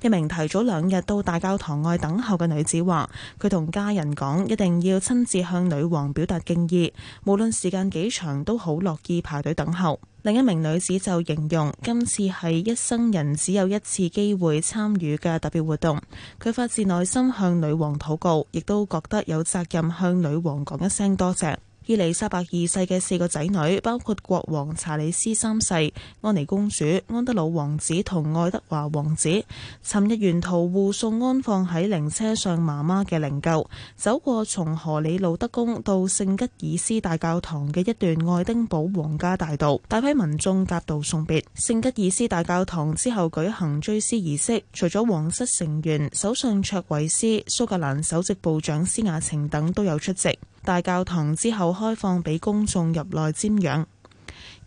一名提早兩日到大教堂外等候嘅女子話：佢同家人講，一定要親自向女王表達敬意，無論時間幾長都好樂意排隊等候。另一名女子就形容今次係一生人只有一次機會參與嘅特別活動，佢發自內心向女王禱告，亦都覺得有責任向女王講一聲多謝。伊莉莎白二世嘅四個仔女，包括國王查理斯三世、安妮公主、安德魯王子同愛德華王子，尋日沿途護送安放喺靈車上媽媽嘅靈柩，走過從荷里路德宮到聖吉爾斯大教堂嘅一段愛丁堡皇家大道，大批民眾夾道送別。聖吉爾斯大教堂之後舉行追思儀式，除咗皇室成員，首相卓慧斯、蘇格蘭首席部長施雅晴等都有出席。大教堂之後開放俾公眾入內瞻仰。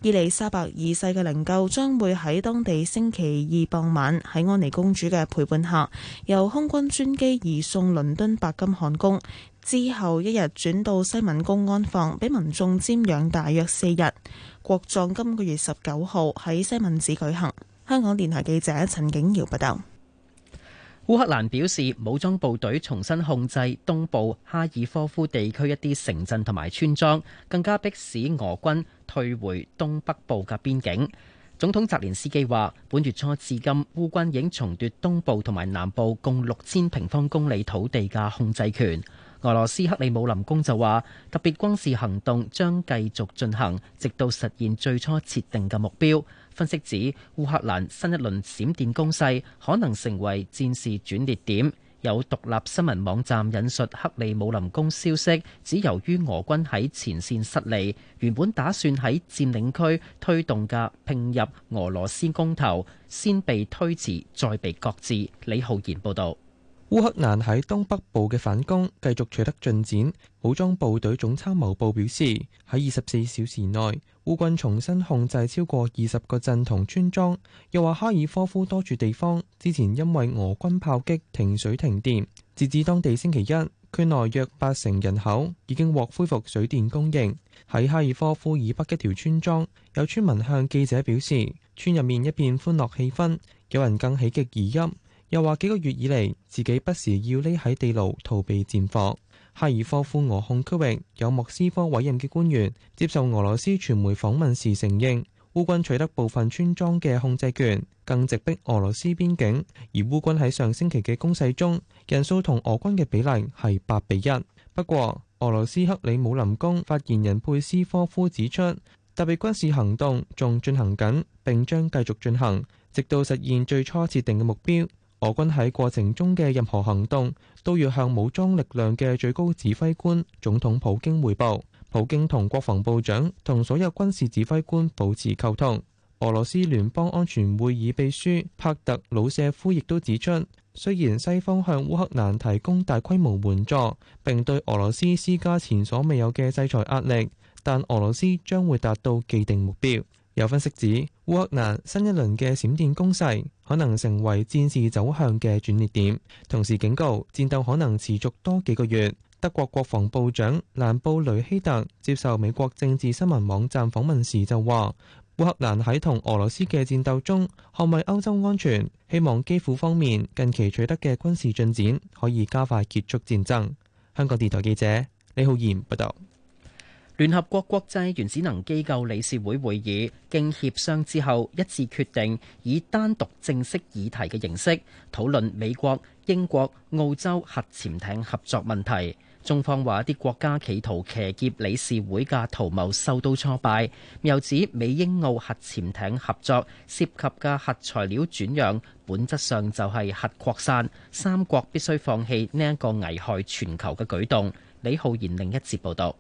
伊麗莎白二世嘅靈柩將會喺當地星期二傍晚喺安妮公主嘅陪伴下，由空軍專機移送倫敦白金漢宮，之後一日轉到西敏宮安放，俾民眾瞻仰大約四日。國葬今個月十九號喺西敏寺舉行。香港電台記者陳景堯報道。烏克蘭表示，武裝部隊重新控制東部哈爾科夫地區一啲城鎮同埋村莊，更加迫使俄軍退回東北部嘅邊境。總統澤連斯基話本月初至今，烏軍已經重奪東部同埋南部共六千平方公里土地嘅控制權，俄羅斯克里姆林宮就話特別軍事行動將繼續進行，直到實現最初設定嘅目標。分析指，烏克蘭新一輪閃電攻勢可能成為戰事轉捩點，有獨立新聞網站引述克里姆林宮消息，指由於俄軍喺前線失利，原本打算喺佔領區推動嘅併入俄羅斯公投先被推遲再被擱置。李浩然報道。烏克蘭喺東北部嘅反攻繼續取得進展，武裝部隊總參謀部表示喺二十四小時內，烏軍重新控制超過二十個鎮同村莊，又話哈爾科夫多處地方之前因為俄軍炮擊停水停電，截至當地星期一，區內約八成人口已經獲恢復水電供應。喺哈爾科夫以北一條村莊，有村民向記者表示，村入面一片歡樂氣氛，有人更喜極而泣。又話幾個月以嚟，自己不時要匿喺地牢逃避戰火。哈爾科夫俄控區域有莫斯科委任嘅官員接受俄羅斯傳媒訪問時承認，烏軍取得部分村莊嘅控制權，更直逼俄羅斯邊境。而烏軍喺上星期嘅攻勢中，人數同俄軍嘅比例係八比一。不過，俄羅斯克里姆林宮發言人佩斯科夫指出，特別軍事行動仲進行緊，並將繼續進行，直到實現最初設定嘅目標。俄軍喺過程中嘅任何行動都要向武裝力量嘅最高指揮官總統普京彙報。普京同國防部長同所有軍事指揮官保持溝通。俄羅斯聯邦安全會議秘書帕特魯舍夫亦都指出，雖然西方向烏克蘭提供大規模援助，並對俄羅斯施加前所未有嘅制裁壓力，但俄羅斯將會達到既定目標。有分析指，烏克蘭新一輪嘅閃電攻勢可能成為戰事走向嘅轉捩點，同時警告戰鬥可能持續多幾個月。德國國防部長蘭布雷希特接受美國政治新聞網站訪問時就話，烏克蘭喺同俄羅斯嘅戰鬥中捍衞歐洲安全，希望基輔方面近期取得嘅軍事進展可以加快結束戰爭。香港電台記者李浩然報道。聯合國國際原子能機構理事會會議經協商之後，一致決定以單獨正式議題嘅形式討論美國、英國、澳洲核潛艇合作問題。中方話：一啲國家企圖騎劫理事會嘅圖謀，受到挫敗。又指美英澳核潛艇合作涉及嘅核材料轉讓，本質上就係核擴散。三國必須放棄呢一個危害全球嘅舉動。李浩然另一節報導。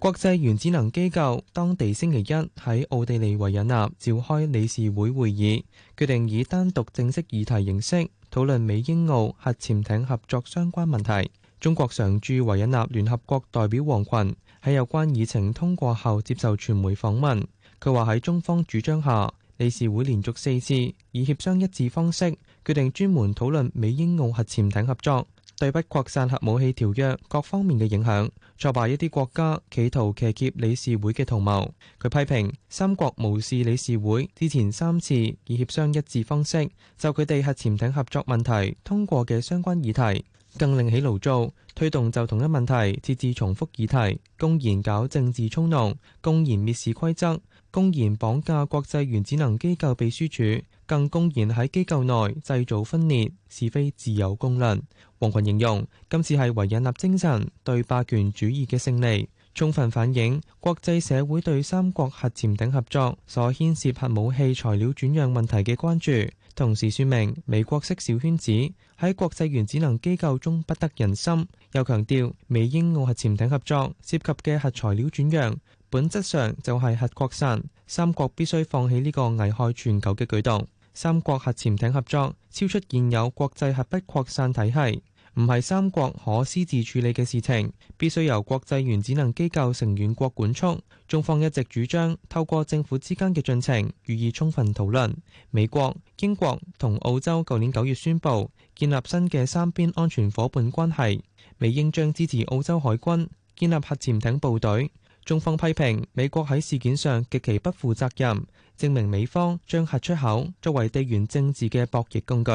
國際原子能機構當地星期一喺奧地利維也納召開理事會會議，決定以單獨正式議題形式討論美英澳核潛艇合作相關問題。中國常駐維也納聯合國代表王群喺有關議程通過後接受傳媒訪問，佢話喺中方主張下，理事會連續四次以協商一致方式決定專門討論美英澳核潛艇合作對不擴散核武器條約各方面嘅影響，挫敗一啲國家企圖騎劫理事會嘅圖謀。佢批評三國無視理事會之前三次以協商一致方式就佢哋核潛艇合作問題通過嘅相關議題，更另起爐灶，推動就同一問題設置重複議題，公然搞政治沖動，公然蔑視規則，公然綁架國際原子能機構秘書處，更公然喺機構內製造分裂，是非自有公論。」王群形容今次係維也納精神對霸權主義嘅勝利，充分反映國際社會對三國核潛艇合作所牽涉核武器材料轉讓問題嘅關注。同時說明美國式小圈子喺國際原子能機構中不得人心。又強調美英澳核潛艇合作涉及嘅核材料轉讓，本質上就係核擴散，三國必須放棄呢個危害全球嘅舉動，三國核潛艇合作超出現有國際核不擴散體系。唔係三國可私自處理嘅事情，必須由國際原子能機構成員國管束。中方一直主張透過政府之間嘅進程予以充分討論，美國英國同澳洲舊年九月宣布建立新嘅三邊安全伙伴關係，美英將支持澳洲海軍建立核潛艇部隊，中方批評美國喺事件上極其不負責任，證明美方將核出口作為地緣政治嘅博弈工具。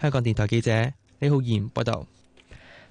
香港電台記者。李浩然報道：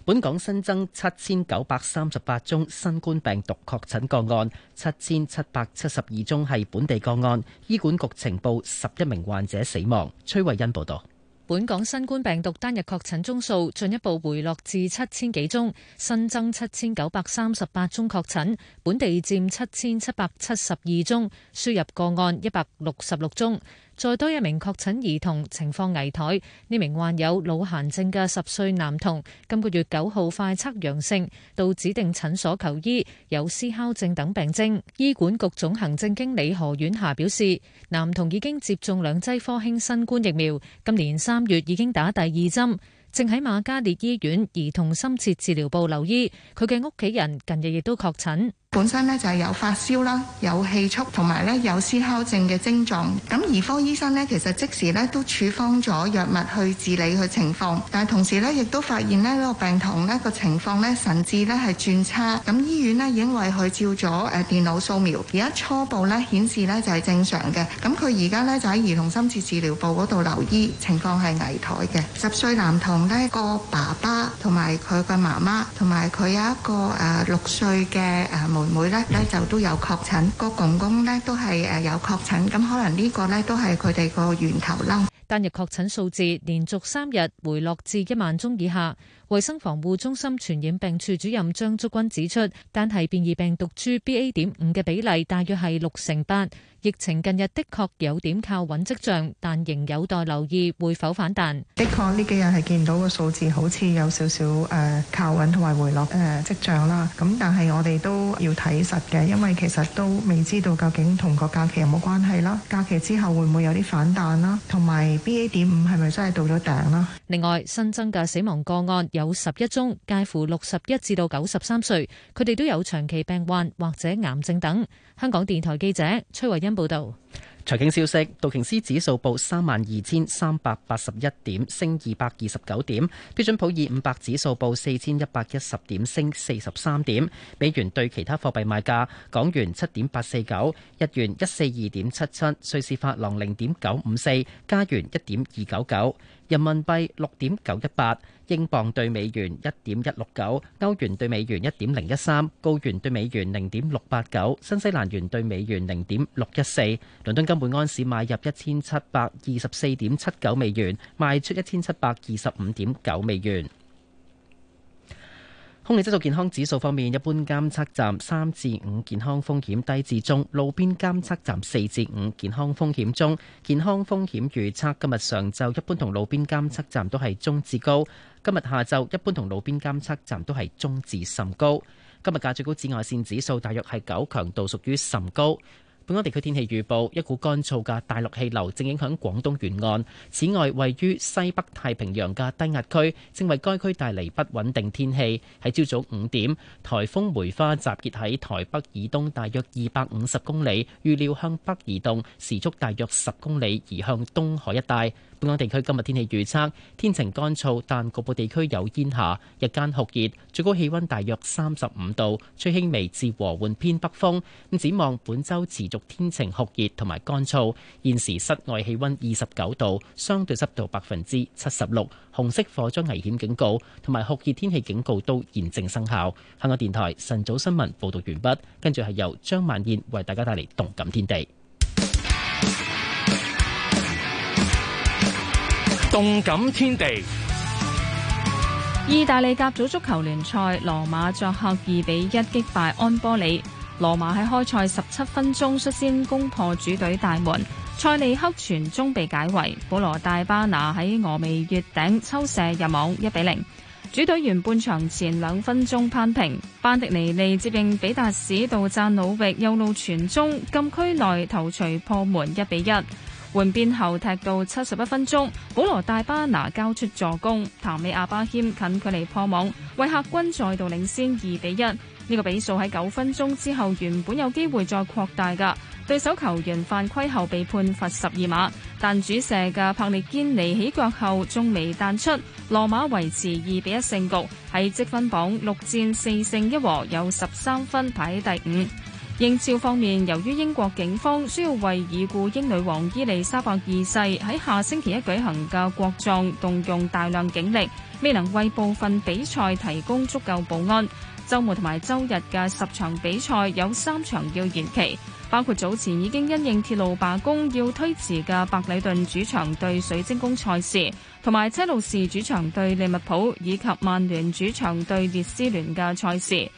本港新增七千九百三十八宗新冠病毒確診個案，七千七百七十二宗係本地個案。醫管局情報十一名患者死亡。崔慧欣報道：本港新冠病毒單日確診宗數進一步回落至七千幾宗，新增七千九百三十八宗確診，本地佔七千七百七十二宗，輸入個案一百六十六宗。再多一名確診兒童情況危殆，呢名患有腦癇症嘅十歲男童今個月九號快測陽性，到指定診所求醫，有思考症等病徵。醫管局總行政經理何婉霞表示，男童已經接種兩劑科興新冠疫苗，今年三月已經打第二針，正喺瑪嘉烈醫院兒童深切治療部留醫。佢嘅屋企人近日亦都確診。本身咧就係有發燒啦，有氣促，同埋咧有思考症嘅症狀。咁兒科醫生咧，其實即時咧都處方咗藥物去治理佢情況。但係同時咧，亦都發現呢個病童呢個情況咧神志咧係轉差。咁醫院呢，已經為佢照咗誒電腦掃描，而家初步咧顯示咧就係正常嘅。咁佢而家咧就喺兒童深切治療部嗰度留醫，情況係危殆嘅。十歲男童咧個爸爸同埋佢嘅媽媽，同埋佢有一個誒六歲嘅誒。妹妹咧，咧就都有確診，個公公咧都係誒有確診，咁可能呢個咧都係佢哋個源頭啦。單日確診數字連續三日回落至一萬宗以下。衛生防護中心傳染病處主任張竹君指出，單係變異病毒株 BA. 點五嘅比例大約係六成八。疫情近日的確有點靠穩跡象，但仍有待留意會否反彈。的確，呢幾日係見唔到個數字，好似有少少誒靠穩同埋回落誒跡象啦。咁但係我哋都要睇實嘅，因為其實都未知道究竟同個假期有冇關係啦。假期之後會唔會有啲反彈啦？同埋 BA. 點五係咪真係到咗頂啦？另外新增嘅死亡個案。有十一宗，介乎六十一至到九十三歲，佢哋都有長期病患或者癌症等。香港電台記者崔慧欣報道。財經消息：道瓊斯指數報三萬二千三百八十一點，升二百二十九點；標準普爾五百指數報四千一百一十點，升四十三點。美元兌其他貨幣賣價：港元七點八四九，日元一四二點七七，瑞士法郎零點九五四，加元一點二九九。人民幣六點九一八，英鎊對美元一點一六九，歐元對美元一點零一三，高元對美元零點六八九，新西蘭元對美元零點六一四。倫敦金每安士買入一千七百二十四點七九美元，賣出一千七百二十五點九美元。空氣質素健康指數方面，一般監測站三至五，健康風險低至中，路邊監測站四至五，健康風險中。健康風險預測，今日上晝一般同路邊監測站都係中至高，今日下晝一般同路邊監測站都係中至甚高。今日嘅最高紫外線指數大約係九，強度屬於甚高。本港地區天氣預報：一股乾燥嘅大陸氣流正影響廣東沿岸。此外，位於西北太平洋嘅低壓區正為該區帶嚟不穩定天氣。喺朝早五點，颱風梅花集結喺台北以東大約二百五十公里，預料向北移動，時速大約十公里，移向東海一帶。本港地區今日天氣預測，天晴乾燥，但局部地區有煙霞。日間酷熱，最高氣温大約三十五度，吹輕微至和緩偏北風。咁展望本週持續天晴酷熱同埋乾燥。現時室外氣温二十九度，相對濕度百分之七十六。紅色火災危險警告同埋酷熱天氣警告都現正生效。香港電台晨早新聞報道完畢，跟住係由張萬燕為大家帶嚟動感天地。動感天地。意大利甲組足球聯賽，羅馬作客二比一擊敗安波里。羅馬喺開賽十七分鐘率先攻破主隊大門，塞利克傳中被解圍，保羅大巴拿喺峨眉月頂抽射入網一比零。主隊完半場前兩分鐘扳平，班迪尼利接應比達士杜贊努域右路傳中，禁區內頭槌破門一比一。換邊後踢到七十一分鐘，保羅大巴拿交出助攻，譚美阿巴謙近距離破網，為客軍再度領先二比一。呢個比數喺九分鐘之後原本有機會再擴大噶，對手球員犯規後被判罰十二碼，但主射嘅柏列堅尼起腳後仲未彈出，羅馬維持二比一勝局，喺積分榜六戰四勝一和，有十三分排喺第五。英超方面，由於英國警方需要為已故英女王伊麗莎白二世喺下星期一舉行嘅國葬動用大量警力，未能為部分比賽提供足夠保安。周末同埋周日嘅十場比賽有三場要延期，包括早前已經因應鐵路罷工要推遲嘅白里頓主場對水晶宮賽事，同埋車路士主場對利物浦以及曼聯主場對列斯聯嘅賽事。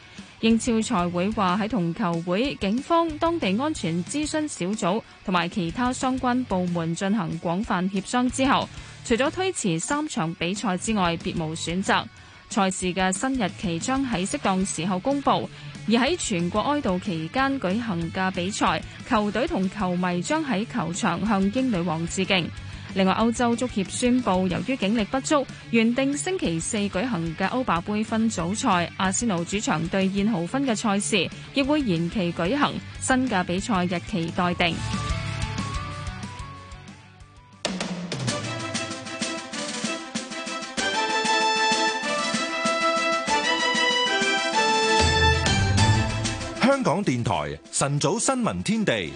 英超賽會話喺同球會、警方、當地安全諮詢小組同埋其他相關部門進行廣泛協商之後，除咗推遲三場比賽之外，別無選擇。賽事嘅新日期將喺適當時候公佈，而喺全國哀悼期間舉行嘅比賽，球隊同球迷將喺球場向英女王致敬。另外，歐洲足協宣布，由於警力不足，原定星期四舉行嘅歐霸杯分組賽，阿仙奴主場對燕豪芬嘅賽事，亦會延期舉行，新嘅比賽日期待定。香港電台晨早新聞天地。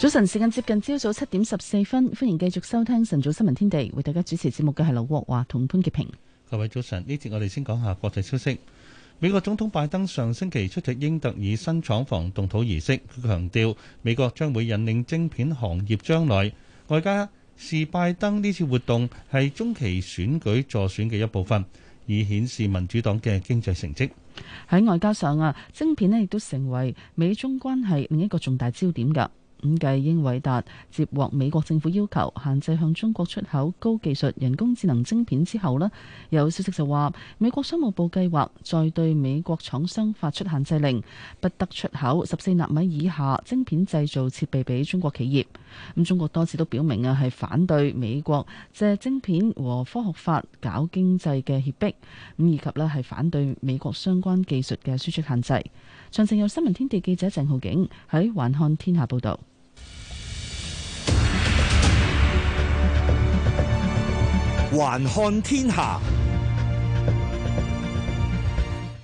早晨，時間接近朝早七點十四分，歡迎繼續收聽晨早新聞天地。為大家主持節目嘅係劉國華同潘潔平。各位早晨，呢節我哋先講下國際消息。美國總統拜登上星期出席英特爾新廠房動土儀式，佢強調美國將會引領晶片行業將來。外加是拜登呢次活動係中期選舉助選嘅一部分，以顯示民主黨嘅經濟成績。喺外交上啊，晶片呢亦都成為美中關係另一個重大焦點噶。五繼英偉達接獲美國政府要求限制向中國出口高技術人工智能晶片之後呢，有消息就話美國商務部計劃再對美國廠商發出限制令，不得出口十四納米以下晶片製造設備俾中國企業。咁中國多次都表明啊，係反對美國借晶片和科學法搞經濟嘅脅迫，咁以及咧係反對美國相關技術嘅輸出限制。詳情由新聞天地記者鄭浩景喺環看天下報導。環看天下。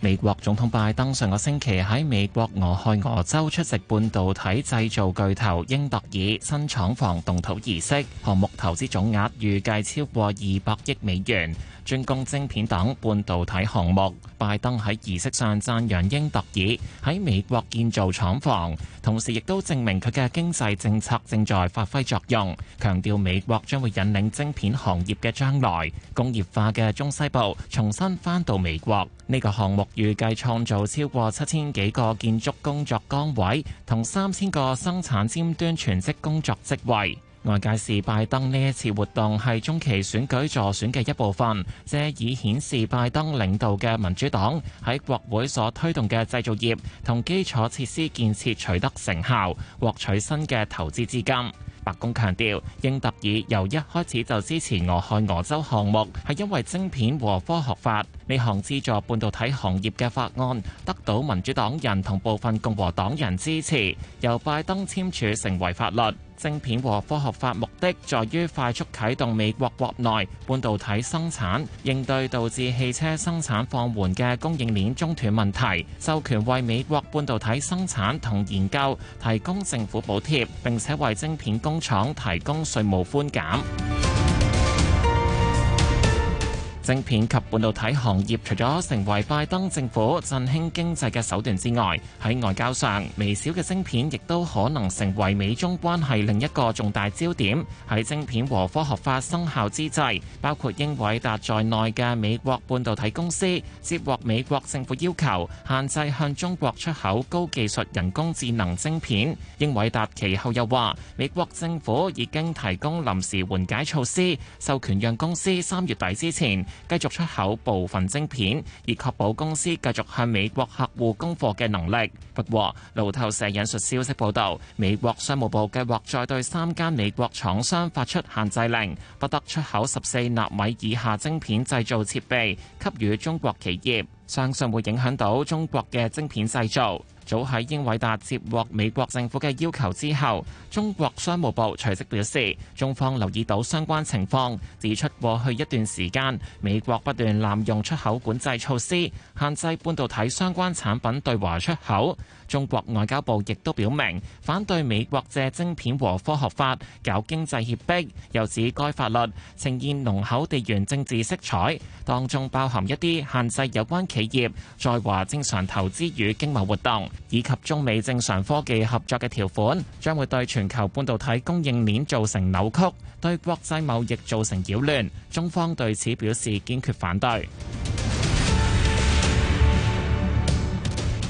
美國總統拜登上個星期喺美國俄亥俄州出席半導體製造巨頭英特爾新廠房動土儀式，項目投資總額預計超過二百億美元，專攻晶片等半導體項目。拜登喺儀式上讚揚英特爾喺美國建造廠房，同時亦都證明佢嘅經濟政策正在發揮作用，強調美國將會引領晶片行業嘅將來工業化嘅中西部重新翻到美國呢、這個項目。預計創造超過七千幾個建築工作崗位，同三千個生產尖端全職工作職位。外界視拜登呢一次活動係中期選舉助選嘅一部分，藉以顯示拜登領導嘅民主黨喺國會所推動嘅製造業同基礎設施建設取得成效，獲取新嘅投資資金。白宮強調，英特爾由一開始就支持俄亥俄州項目，係因為晶片和科學法呢項資助半導體行業嘅法案，得到民主黨人同部分共和黨人支持，由拜登簽署成為法律。晶片和科學法目的，在於快速啟動美國國內半導體生產，應對導致汽車生產放緩嘅供應鏈中斷問題，授權為美國半導體生產同研究提供政府補貼，並且為晶片工廠提供稅務寬減。晶片及半導體行業除咗成為拜登政府振興經濟嘅手段之外，喺外交上微小嘅晶片亦都可能成為美中關係另一個重大焦點。喺晶片和科學法生效之際，包括英偉達在內嘅美國半導體公司接獲美國政府要求限制向中國出口高技術人工智能晶片。英偉達其後又話，美國政府已經提供臨時緩解措施，授權讓公司三月底之前，繼續出口部分晶片，以確保公司繼續向美國客戶供貨嘅能力。不過，路透社引述消息報道，美國商務部計劃再對三間美國廠商發出限制令，不得出口十四納米以下晶片製造設備，給予中國企業，相信會影響到中國嘅晶片製造。早喺英偉達接獲美國政府嘅要求之後，中國商務部隨即表示，中方留意到相關情況，指出過去一段時間，美國不斷濫用出口管制措施，限制半導體相關產品對華出口。中國外交部亦都表明反對美國借晶片和科學法搞經濟脅迫，又指該法律呈現濃厚地緣政治色彩，當中包含一啲限制有關企業在華正常投資與經貿活動，以及中美正常科技合作嘅條款，將會對全球半導體供應鏈造成扭曲，對國際貿易造成擾亂。中方對此表示堅決反對。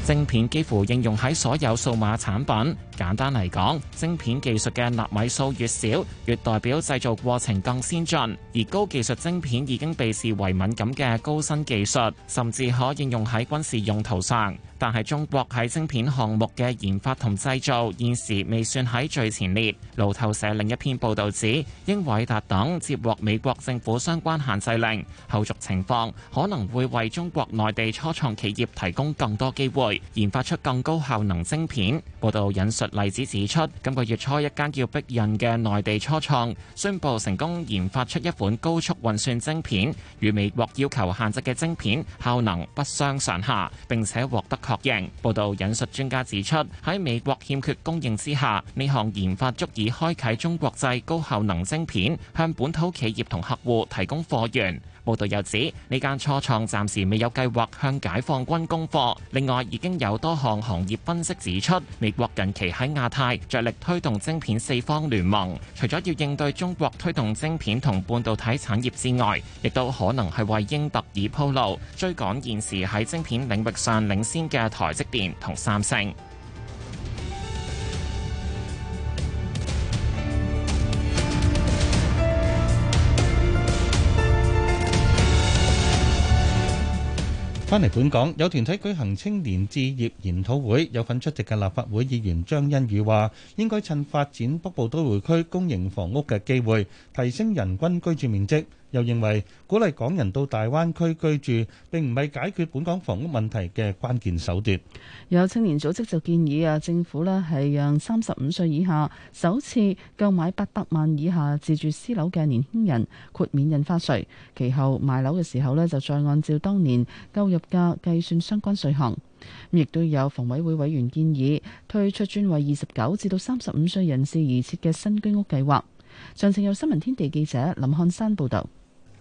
晶片幾乎應用喺所有數碼產品。簡單嚟講，晶片技術嘅納米數越少，越代表製造過程更先進。而高技術晶片已經被視為敏感嘅高新技術，甚至可應用喺軍事用途上。但係中國喺晶片項目嘅研發同製造現時未算喺最前列。路透社另一篇報導指，英偉達等接獲美國政府相關限制令，後續情況可能會為中國內地初創企業提供更多機會，研發出更高效能晶片。報導引述，例子指出，今個月初，一間叫碧印嘅內地初創，宣布成功研發出一款高速運算晶片，與美國要求限制嘅晶片效能不相上下，並且獲得確認。報道引述專家指出，喺美國欠缺供應之下，呢項研發足以開啟中國製高效能晶片，向本土企業同客戶提供貨源。報導又指，呢間初創暫時未有計劃向解放軍供貨。另外，已經有多項行業分析指出，美國近期喺亞太着力推動晶片四方聯盟，除咗要應對中國推動晶片同半導體產業之外，亦都可能係為英特爾鋪路，追趕現時喺晶片領域上領先嘅台積電同三星。翻嚟本港，有團體舉行青年置業研討會，有份出席嘅立法會議員張欣宇話，應該趁發展北部都會區公營房屋嘅機會，提升人均居住面積。又認為鼓勵港人到大灣區居住並唔係解決本港房屋問題嘅關鍵手段。有青年組織就建議啊，政府咧係讓三十五歲以下首次購買八百萬以下自住私樓嘅年輕人豁免印花稅。其後賣樓嘅時候呢，就再按照當年購入價計算相關稅項。亦都有房委會委員建議推出專為二十九至到三十五歲人士而設嘅新居屋計劃。詳情有新聞天地記者林漢山報導。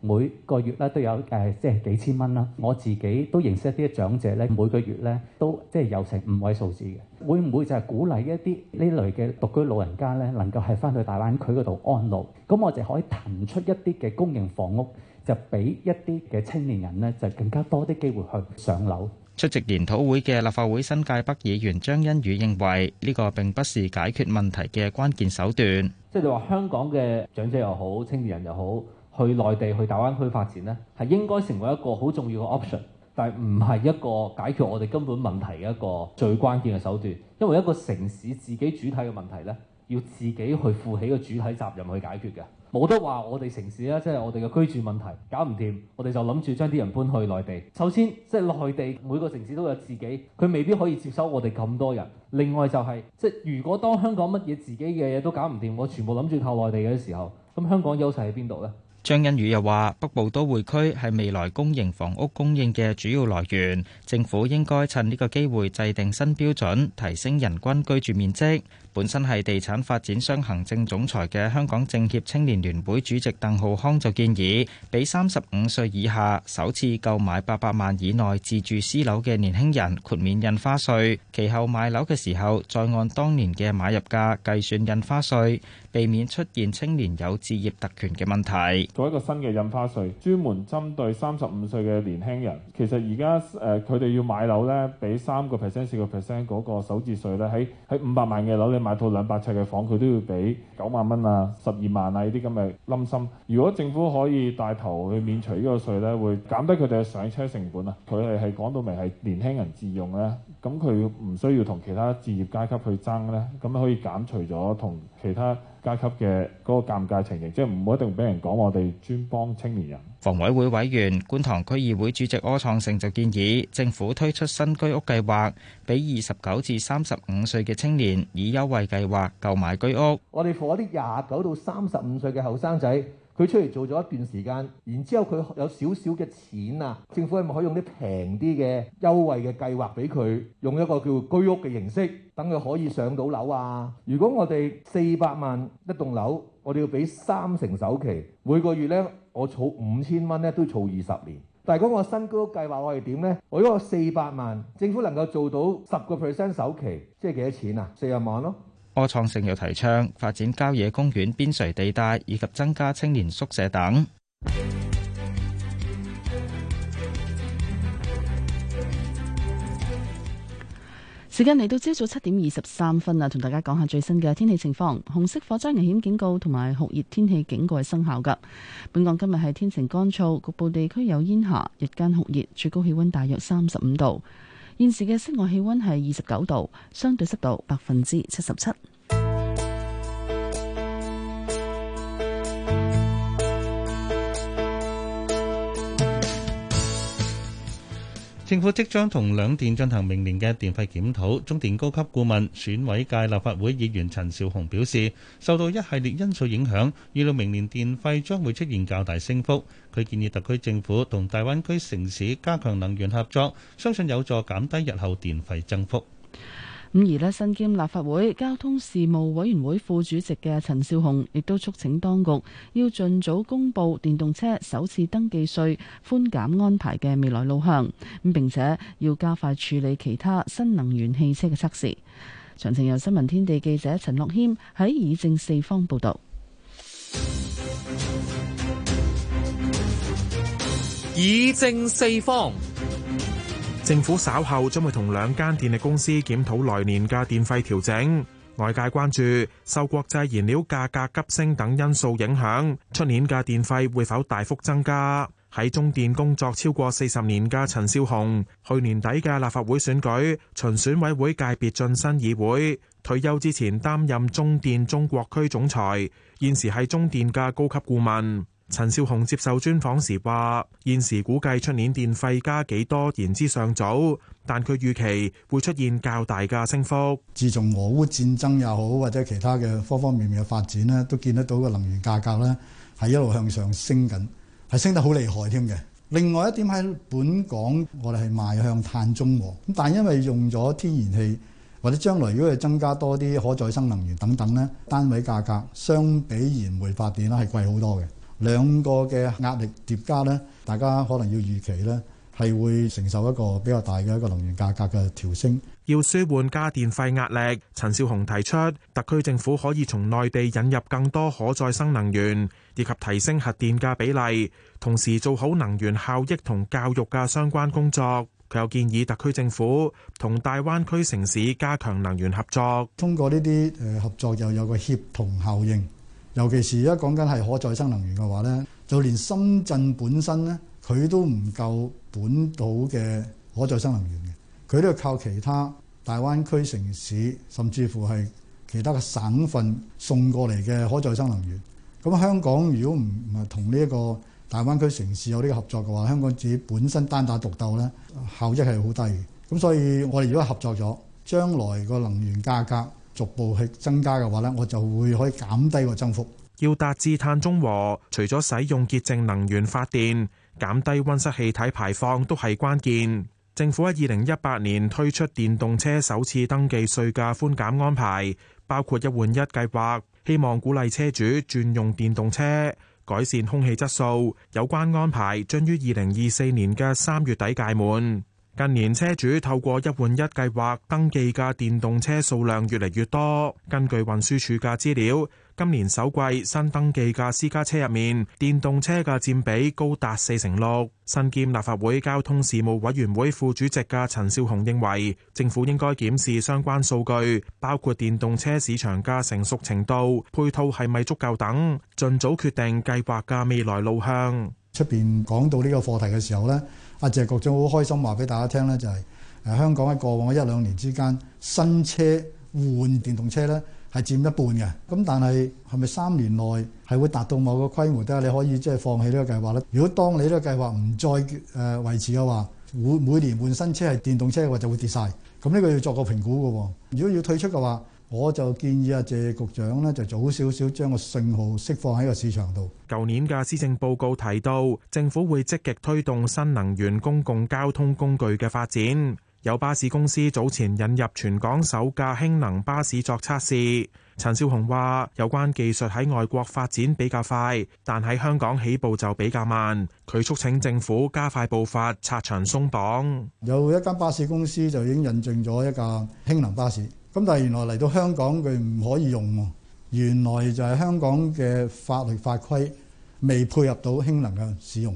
每個月咧都有誒，即係幾千蚊啦。我自己都認識一啲長者咧，每個月咧都即係有成五位數字嘅。會唔會就係鼓勵一啲呢類嘅獨居老人家咧，能夠係翻去大灣區嗰度安老？咁我哋可以騰出一啲嘅公營房屋，就俾一啲嘅青年人咧，就更加多啲機會去上樓。出席研討會嘅立法會新界北議員張欣宇認為，呢個並不是解決問題嘅關鍵手段。即係你話香港嘅長者又好，青年人又好。去內地、去大灣區發展呢係應該成為一個好重要嘅 option，但係唔係一個解決我哋根本問題嘅一個最關鍵嘅手段。因為一個城市自己主體嘅問題呢要自己去負起個主體責任去解決嘅，冇得話我哋城市咧，即係我哋嘅居住問題搞唔掂，我哋就諗住將啲人搬去內地。首先，即係內地每個城市都有自己，佢未必可以接收我哋咁多人。另外就係即係如果當香港乜嘢自己嘅嘢都搞唔掂，我全部諗住靠內地嘅時候，咁香港優勢喺邊度呢？張欣宇又話：北部都會區係未來公營房屋供應嘅主要來源，政府應該趁呢個機會制定新標準，提升人均居住面積。本身係地產發展商行政總裁嘅香港政協青年聯會主席鄧浩康就建議，俾三十五歲以下首次購買八百萬以內自住私樓嘅年輕人豁免印花稅，其後買樓嘅時候再按當年嘅買入價計算印花稅，避免出現青年有置業特權嘅問題。做一個新嘅印花稅，專門針對三十五歲嘅年輕人。其實而家誒佢哋要買樓咧，俾三個 percent 四個 percent 嗰個首置稅咧，喺喺五百萬嘅樓裏。買套兩百尺嘅房，佢都要俾九萬蚊啊、十二萬啊呢啲咁嘅冧心。如果政府可以帶頭去免除呢個稅呢，會減低佢哋嘅上車成本啊。佢哋係講到明係年輕人自用呢，咁佢唔需要同其他置業階級去爭呢。咁可以減除咗同其他。階級嘅嗰個尷尬情形，即係唔一定俾人講我哋專幫青年人。房委會委員、觀塘區議會主席柯創盛就建議政府推出新居屋計劃，俾二十九至三十五歲嘅青年以優惠計劃購買居屋。我哋扶一啲廿九到三十五歲嘅後生仔，佢出嚟做咗一段時間，然之後佢有少少嘅錢啊，政府係咪可以用啲平啲嘅優惠嘅計劃俾佢，用一個叫居屋嘅形式？等佢可以上到樓啊！如果我哋四百萬一棟樓，我哋要俾三成首期，每個月呢，我儲五千蚊呢都儲二十年。但係講個新高屋計劃，我係點呢？我嗰個四百萬，政府能夠做到十個 percent 首期，即係幾多錢啊？四十萬咯。柯創盛又提倡發展郊野公園邊陲地帶以及增加青年宿舍等。時間嚟到朝早七點二十三分啊，同大家講下最新嘅天氣情況。紅色火災危險警告同埋酷熱天氣警告係生效噶。本港今日係天晴乾燥，局部地區有煙霞，日間酷熱，最高氣溫大約三十五度。現時嘅室外氣溫係二十九度，相對濕度百分之七十七。政府即將同兩電進行明年嘅電費檢討。中電高級顧問、選委界立法會議員陳紹雄表示，受到一系列因素影響，預料明年電費將會出現較大升幅。佢建議特區政府同大灣區城市加強能源合作，相信有助減低日後電費增幅。咁而呢，身兼立法會交通事務委員會副主席嘅陳少雄，亦都促請當局要盡早公布電動車首次登記稅寬減安排嘅未來路向，咁並且要加快處理其他新能源汽車嘅測試。詳情由新聞天地記者陳樂謙喺以正四方報道。以正四方。政府稍後將會同兩間電力公司檢討來年嘅電費調整，外界關注受國際燃料價格急升等因素影響，出年嘅電費會否大幅增加？喺中電工作超過四十年嘅陳紹雄，去年底嘅立法會選舉，循選委會界別晉身議會，退休之前擔任中電中國區總裁，現時係中電嘅高級顧問。陳紹雄接受專訪時話，現時估計出年電費加幾多，言之尚早。但佢預期會出現較大嘅升幅。自從俄烏戰爭又好，或者其他嘅方方面面嘅發展咧，都見得到個能源價格呢係一路向上升緊，係升得好厲害添嘅。另外一點喺本港，我哋係邁向碳中和，但因為用咗天然氣或者將來如果係增加多啲可再生能源等等咧，單位價格相比燃煤發電咧係貴好多嘅。兩個嘅壓力疊加咧，大家可能要預期咧，係會承受一個比較大嘅一個能源價格嘅調升。要舒緩加電費壓力，陳紹雄提出，特區政府可以從內地引入更多可再生能源，以及提升核電嘅比例，同時做好能源效益同教育嘅相關工作。佢又建議特區政府同大灣區城市加強能源合作，通過呢啲誒合作，又有個協同效應。尤其是而家講緊係可再生能源嘅話咧，就連深圳本身咧，佢都唔夠本土嘅可再生能源嘅，佢都要靠其他大灣區城市，甚至乎係其他嘅省份送過嚟嘅可再生能源。咁香港如果唔唔同呢一個大灣區城市有呢個合作嘅話，香港自己本身單打獨鬥咧，效益係好低嘅。咁所以我哋如果合作咗，將來個能源價格。逐步去增加嘅話，咧，我就會可以減低個增幅。要達至碳中和，除咗使用潔淨能源發電，減低溫室氣體排放都係關鍵。政府喺二零一八年推出電動車首次登記稅價寬減安排，包括一換一計劃，希望鼓勵車主轉用電動車，改善空氣質素。有關安排將於二零二四年嘅三月底屆滿。近年車主透過一換一計劃登記嘅電動車數量越嚟越多。根據運輸署嘅資料，今年首季新登記嘅私家車入面，電動車嘅佔比高達四成六。身兼立法會交通事務委員會副主席嘅陳紹雄認為，政府應該檢視相關數據，包括電動車市場嘅成熟程度、配套係咪足夠等，盡早決定計劃嘅未來路向。出邊講到呢個課題嘅時候呢。阿謝局長好開心話俾大家聽、就、咧、是，就係誒香港喺過往一兩年之間，新車換電動車咧係佔一半嘅。咁但係係咪三年內係會達到某個規模？得你可以即係放棄呢個計劃咧？如果當你呢個計劃唔再誒、呃、維持嘅話，每每年換新車係電動車嘅話，就會跌晒。咁呢個要作個評估嘅喎、哦。如果要退出嘅話，我就建議啊，謝局長呢，就早少少將個信號釋放喺個市場度。舊年嘅施政報告提到，政府會積極推動新能源公共交通工具嘅發展。有巴士公司早前引入全港首架氫能巴士作測試。陳紹雄話：有關技術喺外國發展比較快，但喺香港起步就比較慢。佢促請政府加快步伐，拆牆鬆綁。有一間巴士公司就已經引進咗一架氫能巴士。咁但係原來嚟到香港佢唔可以用喎，原來就係香港嘅法律法規未配合到氫能嘅使用。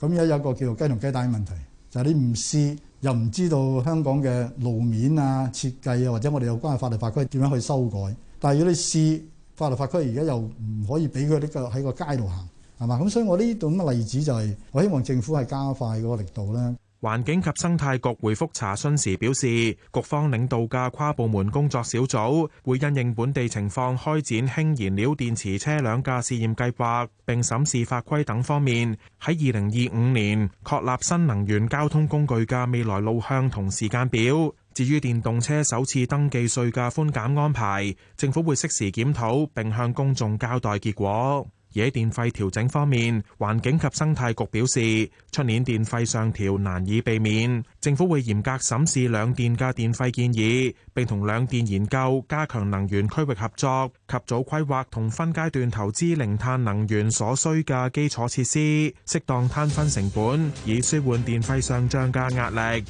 咁而家有一個叫做雞同雞蛋嘅問題，就係、是、你唔試又唔知道香港嘅路面啊、設計啊，或者我哋有關嘅法律法規點樣去修改。但係如果你試，法律法規而家又唔可以俾佢呢個喺個街度行，係嘛？咁所以我呢度咁嘅例子就係、是、我希望政府係加快嗰個力度啦。環境及生態局回覆查詢時表示，局方領導嘅跨部門工作小組會因應本地情況開展氫燃料電池車輛嘅試驗計劃，並審視法規等方面，喺二零二五年確立新能源交通工具嘅未來路向同時間表。至於電動車首次登記稅嘅寬減安排，政府會適時檢討，並向公眾交代結果。而喺電費調整方面，環境及生態局表示，出年電費上調難以避免，政府會嚴格審視兩電嘅電費建議，並同兩電研究加強能源區域合作及早規劃同分階段投資零碳能源所需嘅基礎設施，適當攤分成本，以舒緩電費上漲嘅壓力。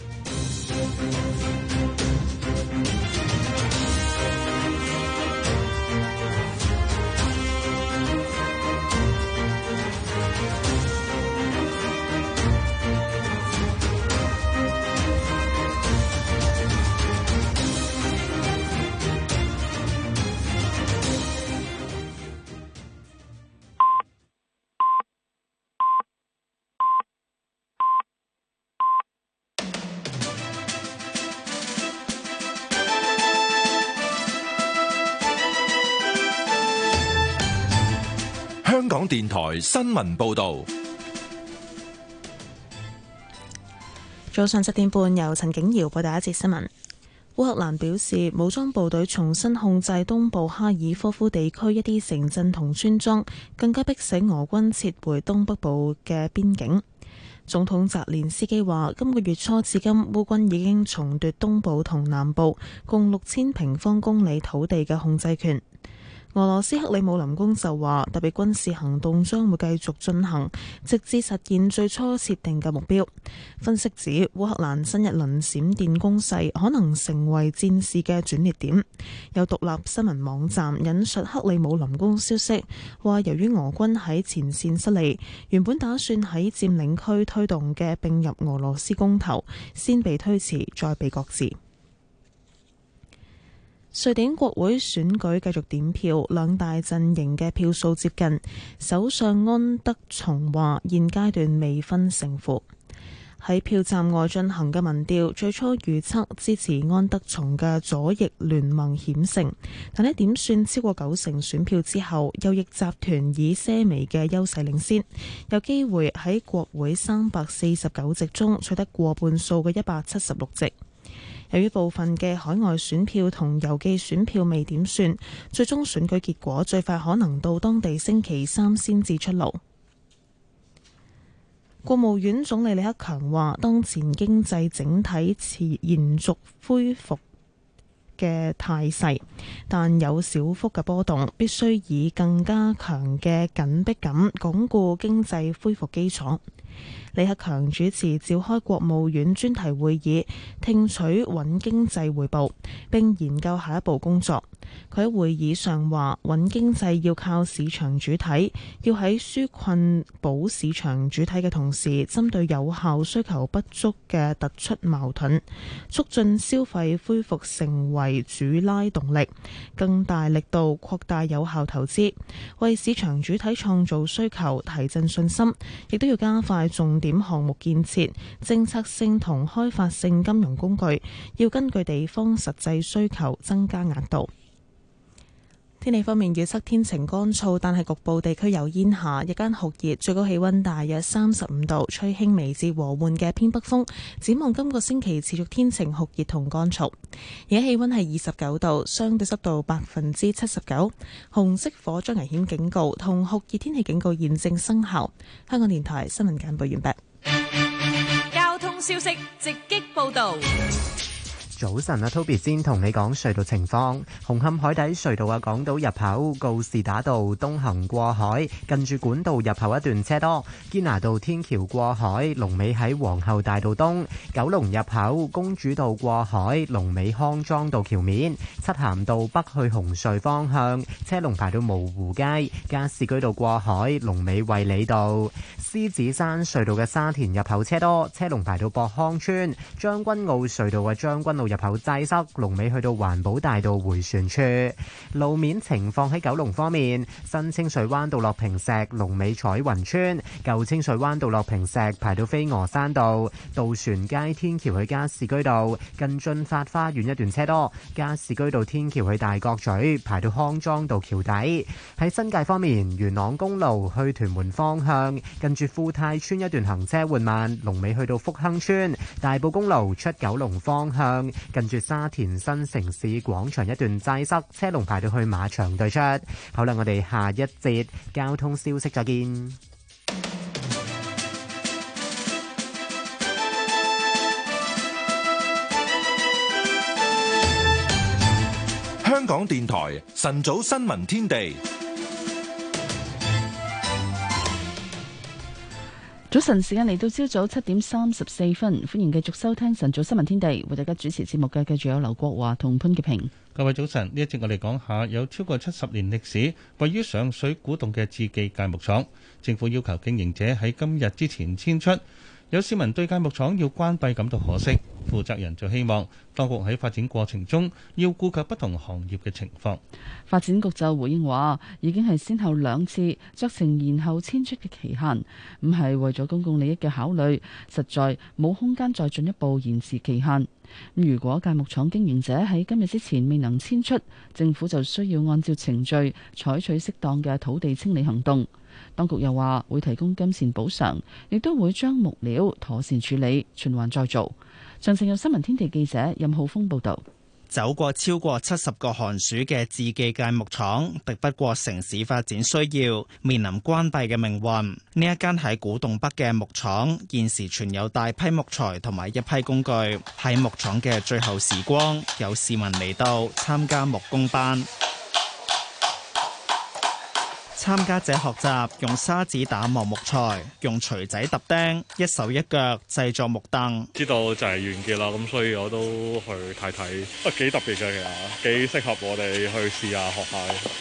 電台新聞報道：早上七點半，由陳景瑤報第一節新聞。烏克蘭表示，武裝部隊重新控制東部哈爾科夫地區一啲城鎮同村莊，更加逼使俄軍撤回東北部嘅邊境。總統澤連斯基話：今個月初至今，烏軍已經重奪東部同南部共六千平方公里土地嘅控制權。俄羅斯克里姆林宮就話，特別軍事行動將會繼續進行，直至實現最初設定嘅目標。分析指，烏克蘭新一輪閃電攻勢可能成為戰事嘅轉捩點。有獨立新聞網站引述克里姆林宮消息，話由於俄軍喺前線失利，原本打算喺佔領區推動嘅並入俄羅斯公投，先被推遲，再被擱置。瑞典國會選舉繼續點票，兩大陣營嘅票數接近。首相安德松話，現階段未分勝負。喺票站外進行嘅民調最初預測支持安德松嘅左翼聯盟險勝，但喺點算超過九成選票之後，右翼集團以些微嘅優勢領先，有機會喺國會三百四十九席中取得過半數嘅一百七十六席。由於部分嘅海外選票同郵寄選票未點算，最終選舉結果最快可能到當地星期三先至出爐。國務院總理李克強話，當前經濟整體持續恢復嘅態勢，但有小幅嘅波動，必須以更加強嘅緊迫感，鞏固經濟恢復基礎，李克強主持召開國務院專題會議，聽取穩經濟匯報，並研究下一步工作。佢喺會議上話：穩經濟要靠市場主體，要喺紓困保市場主體嘅同時，針對有效需求不足嘅突出矛盾，促進消費恢復成為主拉動力，更大力度擴大有效投資，為市場主體創造需求、提振信心，亦都要加快重點項目建設。政策性同開發性金融工具要根據地方實際需求增加額度。天氣方面，預測天晴乾燥，但係局部地區有煙霞，日間酷熱，最高氣溫大約三十五度，吹輕微至和緩嘅偏北風。展望今個星期持續天晴酷熱同乾燥，而家氣溫係二十九度，相對濕度百分之七十九。紅色火災危險警告同酷熱天氣警告現正生效。香港電台新聞簡報完畢。交通消息直擊報道。早晨啊，Toby 先同你講隧道情況。紅磡海底隧道啊，港島入口告士打道東行過海，近住管道入口一段車多。堅拿道天橋過海，龍尾喺皇后大道東。九龍入口公主道過海，龍尾康莊道橋面。漆咸道北去紅隧方向，車龍排到蕪湖街。加士居道過海，龍尾惠里道。獅子山隧道嘅沙田入口車多，車龍排到博康村。將軍澳隧道嘅將軍澳入口擠塞，龍尾去到環保大道回旋處。路面情況喺九龍方面，新清水灣道落坪石，龍尾彩雲村；舊清水灣道落坪石，排到飛鵝山道。渡船街天橋去加士居道，近駿發花園一段車多。加士居道天橋去大角咀，排到康莊道橋底。喺新界方面，元朗公路去屯門方向，近住富泰村一段行車緩慢，龍尾去到福亨村。大埔公路出九龍方向。近住沙田新城市廣場一段擠塞，車龍排到去馬場對出。好啦，我哋下一節交通消息再見。香港電台晨早新聞天地。早晨，時間嚟到朝早七點三十四分，歡迎繼續收聽晨早新聞天地，為大家主持節目嘅繼續有劉國華同潘潔平。各位早晨，呢一節我哋講下有超過七十年歷史，位於上水古洞嘅志記鋸木廠，政府要求經營者喺今日之前遷出。有市民對鎅木廠要關閉感到可惜，負責人就希望當局喺發展過程中要顧及不同行業嘅情況。發展局就回應話，已經係先後兩次酌情延後遷出嘅期限，唔係為咗公共利益嘅考慮，實在冇空間再進一步延遲期限。如果鎅木廠經營者喺今日之前未能遷出，政府就需要按照程序採取適當嘅土地清理行動。當局又話會提供金錢補償，亦都會將木料妥善處理，循環再造。詳情有新聞天地記者任浩峰報導，走過超過七十個寒暑嘅志記鎅木廠，敵不過城市發展需要，面臨關閉嘅命運。呢一間喺古洞北嘅木廠，現時存有大批木材同埋一批工具，喺木廠嘅最後時光，有市民嚟到參加木工班。參加者學習用砂紙打磨木材，用錘仔揼釘，一手一腳製作木凳。知道就係完結啦，咁所以我都去睇睇，啊幾特別嘅其實，幾適合我哋去試下學下。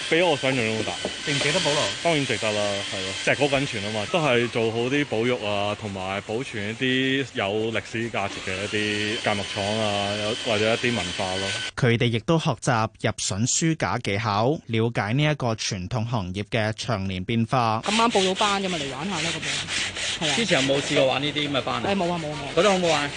比我想象中大。值唔值得保留，當然值得啦，係咯，石鼓跟傳啊嘛，都係做好啲保育啊，同埋保存一啲有歷史價值嘅一啲間木廠啊，有或者一啲文化咯。佢哋亦都學習入榫書架技巧，了解呢一個傳統行業嘅。長年變化今晚報到班嘅嘛，嚟玩下啦咁樣。之前有冇試過玩呢啲咁嘅班啊？誒冇啊冇啊。覺得好唔好玩？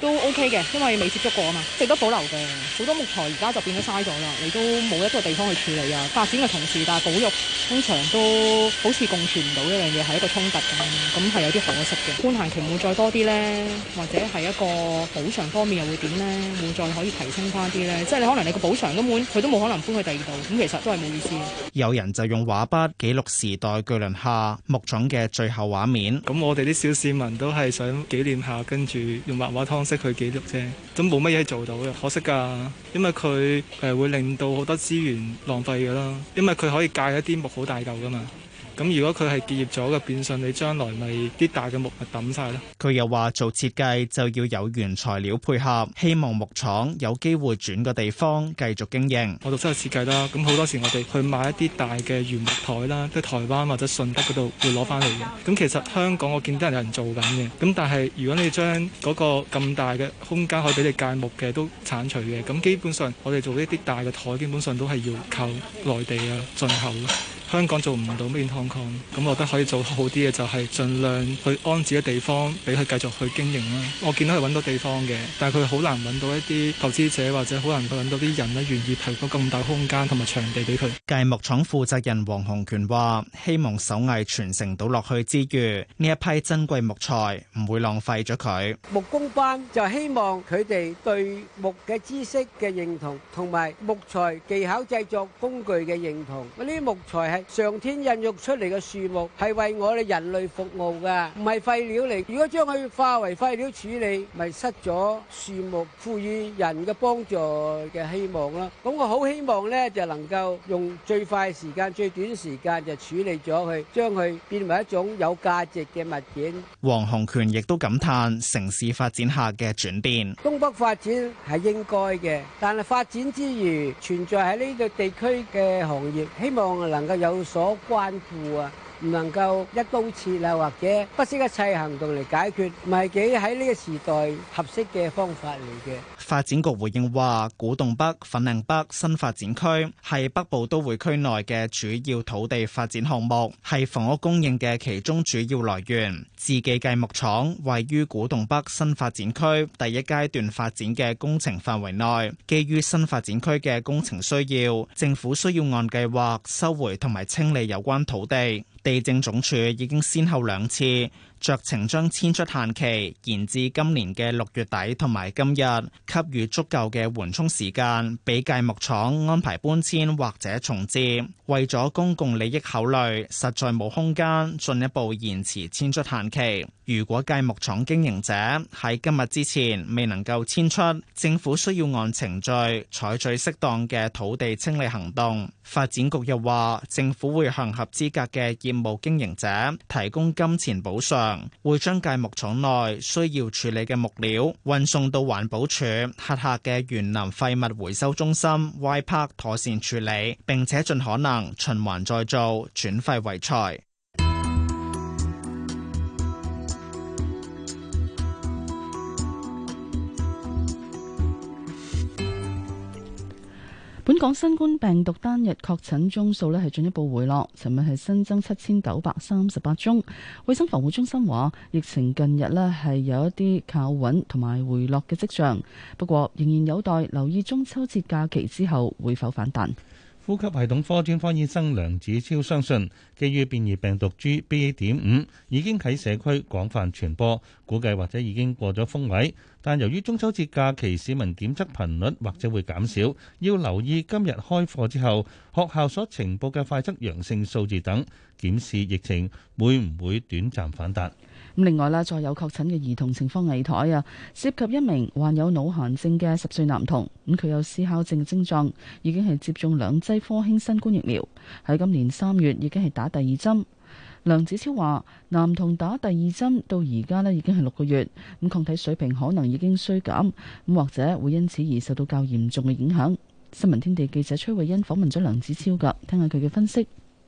都 OK 嘅，因為未接觸過啊嘛，值得保留嘅。好多木材而家就變咗嘥咗啦，你都冇一個地方去處理啊。發展嘅同時，但係保育通常都好似共存唔到一樣嘢，係一個衝突咁，咁係有啲可惜嘅。寬限期會再多啲咧？或者係一個補償方面又會點咧？會再可以提升翻啲咧？即係你可能你個補償咁換，佢都冇可能搬去第二度，咁、嗯、其實都係冇意思。有人就用畫筆記錄時代巨輪下木種嘅最後畫面。咁我哋啲小市民都係想紀念下，跟住用畫畫識佢記錄啫，咁冇乜嘢做到嘅，可惜噶，因為佢誒會令到好多資源浪費噶啦，因為佢可以戒一啲木好大嚿噶嘛。咁如果佢係結業咗嘅，變相你將來咪啲大嘅木咪抌晒咯。佢又話做設計就要有原材料配合，希望木廠有機會轉個地方繼續經營。我讀室內設計啦，咁好多時我哋去買一啲大嘅原木台啦，即係台灣或者順德嗰度會攞翻嚟嘅。咁其實香港我見得有人做緊嘅，咁但係如果你將嗰個咁大嘅空間可以俾你界木嘅都剷除嘅，咁基本上我哋做呢啲大嘅台基本上都係要靠內地嘅進口咯。香港做唔到面劏。咁、嗯，我覺得可以做好啲嘅就係盡量去安置啲地方俾佢繼續去經營啦。我見到佢揾到地方嘅，但係佢好難揾到一啲投資者，或者好難揾到啲人咧願意提供咁大空間同埋場地俾佢。計木廠負責人黃洪權話：希望手藝傳承到落去之餘，呢一批珍貴木材唔會浪費咗佢。木工班就希望佢哋對木嘅知識嘅認同，同埋木材技巧製作工具嘅認同。呢啲木材係上天孕育出嚟嘅樹木係為我哋人類服務嘅，唔係廢料嚟。如果將佢化為廢料處理，咪失咗樹木賦予人嘅幫助嘅希望咯。咁我好希望咧，就能夠用最快時間、最短時間就處理咗佢，將佢變為一種有價值嘅物件。黃鴻權亦都感嘆城市發展下嘅轉變。東北發展係應該嘅，但係發展之餘存在喺呢個地區嘅行業，希望能夠有所關注。唔能夠一刀切啊，或者不惜一切行動嚟解決，唔係幾喺呢個時代合適嘅方法嚟嘅。發展局回應話：古洞北、粉嶺北新發展區係北部都會區內嘅主要土地發展項目，係房屋供應嘅其中主要來源。自記計木廠位於古洞北新發展區第一階段發展嘅工程範圍內，基於新發展區嘅工程需要，政府需要按計劃收回同埋清理有關土地。地政總署已經先後兩次。酌情將遷出限期延至今年嘅六月底，同埋今日給予足夠嘅緩衝時間，俾鋸木廠安排搬遷或者重置。為咗公共利益考慮，實在冇空間進一步延遲遷出限期。如果界木廠經營者喺今日之前未能夠遷出，政府需要按程序採取適當嘅土地清理行動。發展局又話，政府會向合資格嘅業務經營者提供金錢補償，會將界木廠內需要處理嘅木料運送到環保署轄下嘅園林廢物回收中心 Ypark 妥善處理，並且盡可能循環再造，轉廢為財。本港新冠病毒單日確診宗數呢係進一步回落，尋日係新增七千九百三十八宗。衞生防護中心話，疫情近日呢係有一啲靠穩同埋回落嘅跡象，不過仍然有待留意中秋節假期之後會否反彈。呼吸系統科專科醫生梁子超相信，基於變異病毒株 BA.5 已經喺社區廣泛傳播，估計或者已經過咗峯位。但由於中秋節假期，市民檢測頻率或者會減少，要留意今日開課之後，學校所呈報嘅快測陽性數字等，檢視疫情會唔會短暫反彈。咁另外啦，再有確診嘅兒童情況危殆啊，涉及一名患有腦癇症嘅十歲男童。咁佢有思考症症狀，已經係接種兩劑科興新冠疫苗，喺今年三月已經係打第二針。梁子超話：男童打第二針到而家呢，已經係六個月，咁抗體水平可能已經衰減，咁或者會因此而受到較嚴重嘅影響。新聞天地記者崔慧欣訪問咗梁子超㗎，聽下佢嘅分析。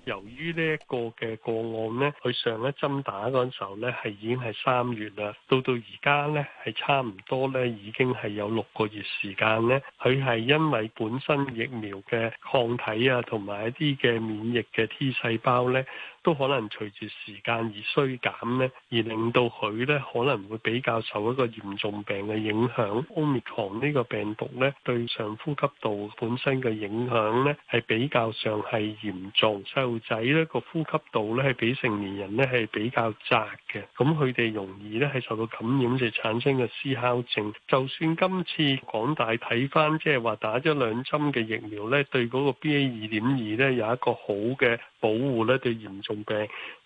由於呢一個嘅個案呢，佢上一針打嗰陣時候呢，係已經係三月啦，到到而家呢，係差唔多呢已經係有六個月時間呢，佢係因為本身疫苗嘅抗體啊，同埋一啲嘅免疫嘅 T 細胞呢。都可能隨住時間而衰減咧，而令到佢咧可能會比較受一個嚴重病嘅影響。Omicron 呢個病毒咧對上呼吸道本身嘅影響咧係比較上係嚴重。細路仔咧個呼吸道咧係比成年人咧係比較窄嘅，咁佢哋容易咧係受到感染就產生嘅哮吼症。就算今次廣大睇返即係話打咗兩針嘅疫苗咧，對嗰個 BA. 二點二咧有一個好嘅保護咧，對嚴重。重病，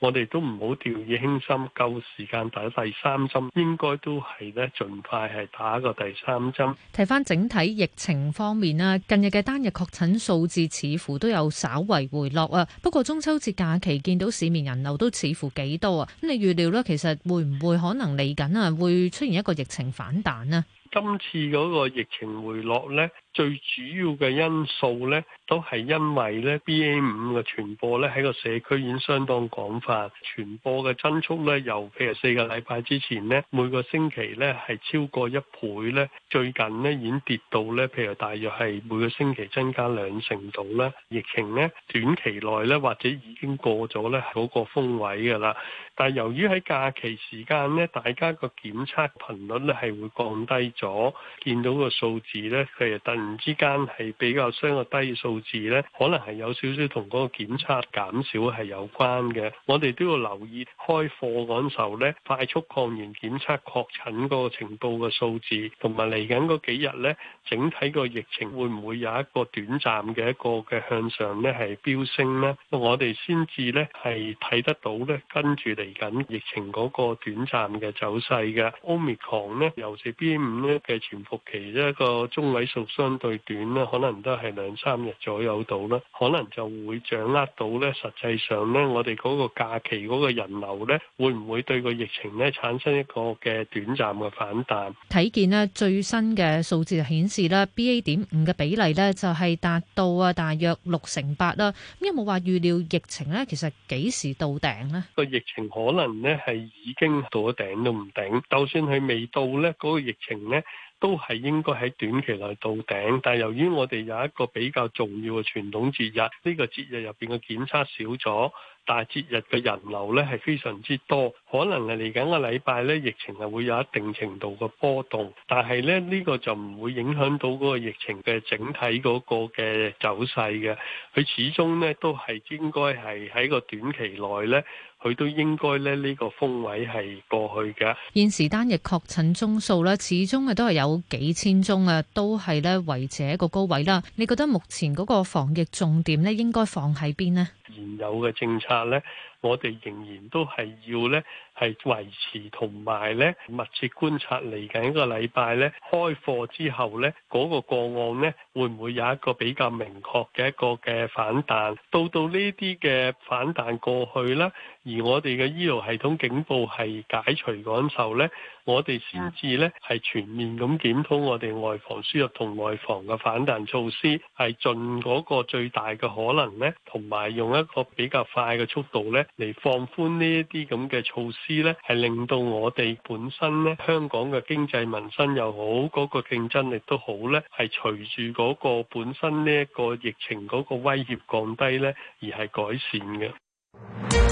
我哋都唔好掉以輕心。夠時間打第三針，應該都係咧，盡快係打個第三針。提翻整體疫情方面啦，近日嘅單日確診數字似乎都有稍為回落啊。不過中秋節假期見到市面人流都似乎幾多啊。咁你預料呢，其實會唔會可能嚟緊啊，會出現一個疫情反彈呢？今次嗰個疫情回落咧，最主要嘅因素咧，都係因為咧 BA 五嘅傳播咧喺個社區已經相當廣泛，傳播嘅增速咧，由譬如四個禮拜之前咧，每個星期咧係超過一倍咧，最近咧已經跌到咧，譬如大約係每個星期增加兩成度啦，疫情咧短期內咧或者已經過咗咧嗰個峯位噶啦。但係由於喺假期時間咧，大家個檢測頻率咧係會降低。咗見到個數字呢，佢又突然之間係比較相個低數字呢，可能係有少少同嗰個檢測減，減少係有關嘅。我哋都要留意開課嗰陣時候呢，快速抗原檢測確診嗰個程度嘅數字，同埋嚟緊嗰幾日呢，整體個疫情會唔會有一個短暫嘅一個嘅向上呢？係飆升呢？我哋先至呢，係睇得到呢，跟住嚟緊疫情嗰個短暫嘅走勢嘅 Omicron 呢，尤其 B 五呢。尤其嘅潛伏期一個中位數相對短咧，可能都係兩三日左右到啦，可能就會掌握到咧。實際上咧，我哋嗰個假期嗰個人流咧，會唔會對個疫情咧產生一個嘅短暫嘅反彈？睇見咧最新嘅數字顯示啦 BA. 點五嘅比例咧就係達到啊大約六成八啦。有冇話預料疫情咧？其實幾時到頂咧？個疫情可能咧係已經到咗頂都唔頂，就算佢未到咧，嗰、嗰個疫情咧。都係應該喺短期內到頂，但係由於我哋有一個比較重要嘅傳統節日，呢個節日入邊嘅檢測少咗，但係節日嘅人流呢係非常之多，可能係嚟緊個禮拜呢，疫情係會有一定程度嘅波動，但係咧呢個就唔會影響到嗰個疫情嘅整體嗰個嘅走勢嘅，佢始終呢都係應該係喺個短期內呢。佢都應該咧，呢、這個峯位係過去嘅。現時單日確診宗數咧，始終啊都係有幾千宗啊，都係咧維持一個高位啦。你覺得目前嗰個防疫重點咧，應該放喺邊呢？現有嘅政策咧。我哋仍然都係要呢，係維持同埋呢密切觀察嚟緊一個禮拜呢，開課之後呢，嗰個個案呢會唔會有一個比較明確嘅一個嘅反彈？到到呢啲嘅反彈過去啦，而我哋嘅醫療系統警報係解除嗰陣時候呢。我哋先至咧，係全面咁檢討我哋外防輸入同內防嘅反彈措施，係盡嗰個最大嘅可能咧，同埋用一個比較快嘅速度咧，嚟放寬呢一啲咁嘅措施咧，係令到我哋本身咧香港嘅經濟民生又好，嗰個競爭力都好咧，係隨住嗰個本身呢一個疫情嗰個威脅降低咧，而係改善嘅。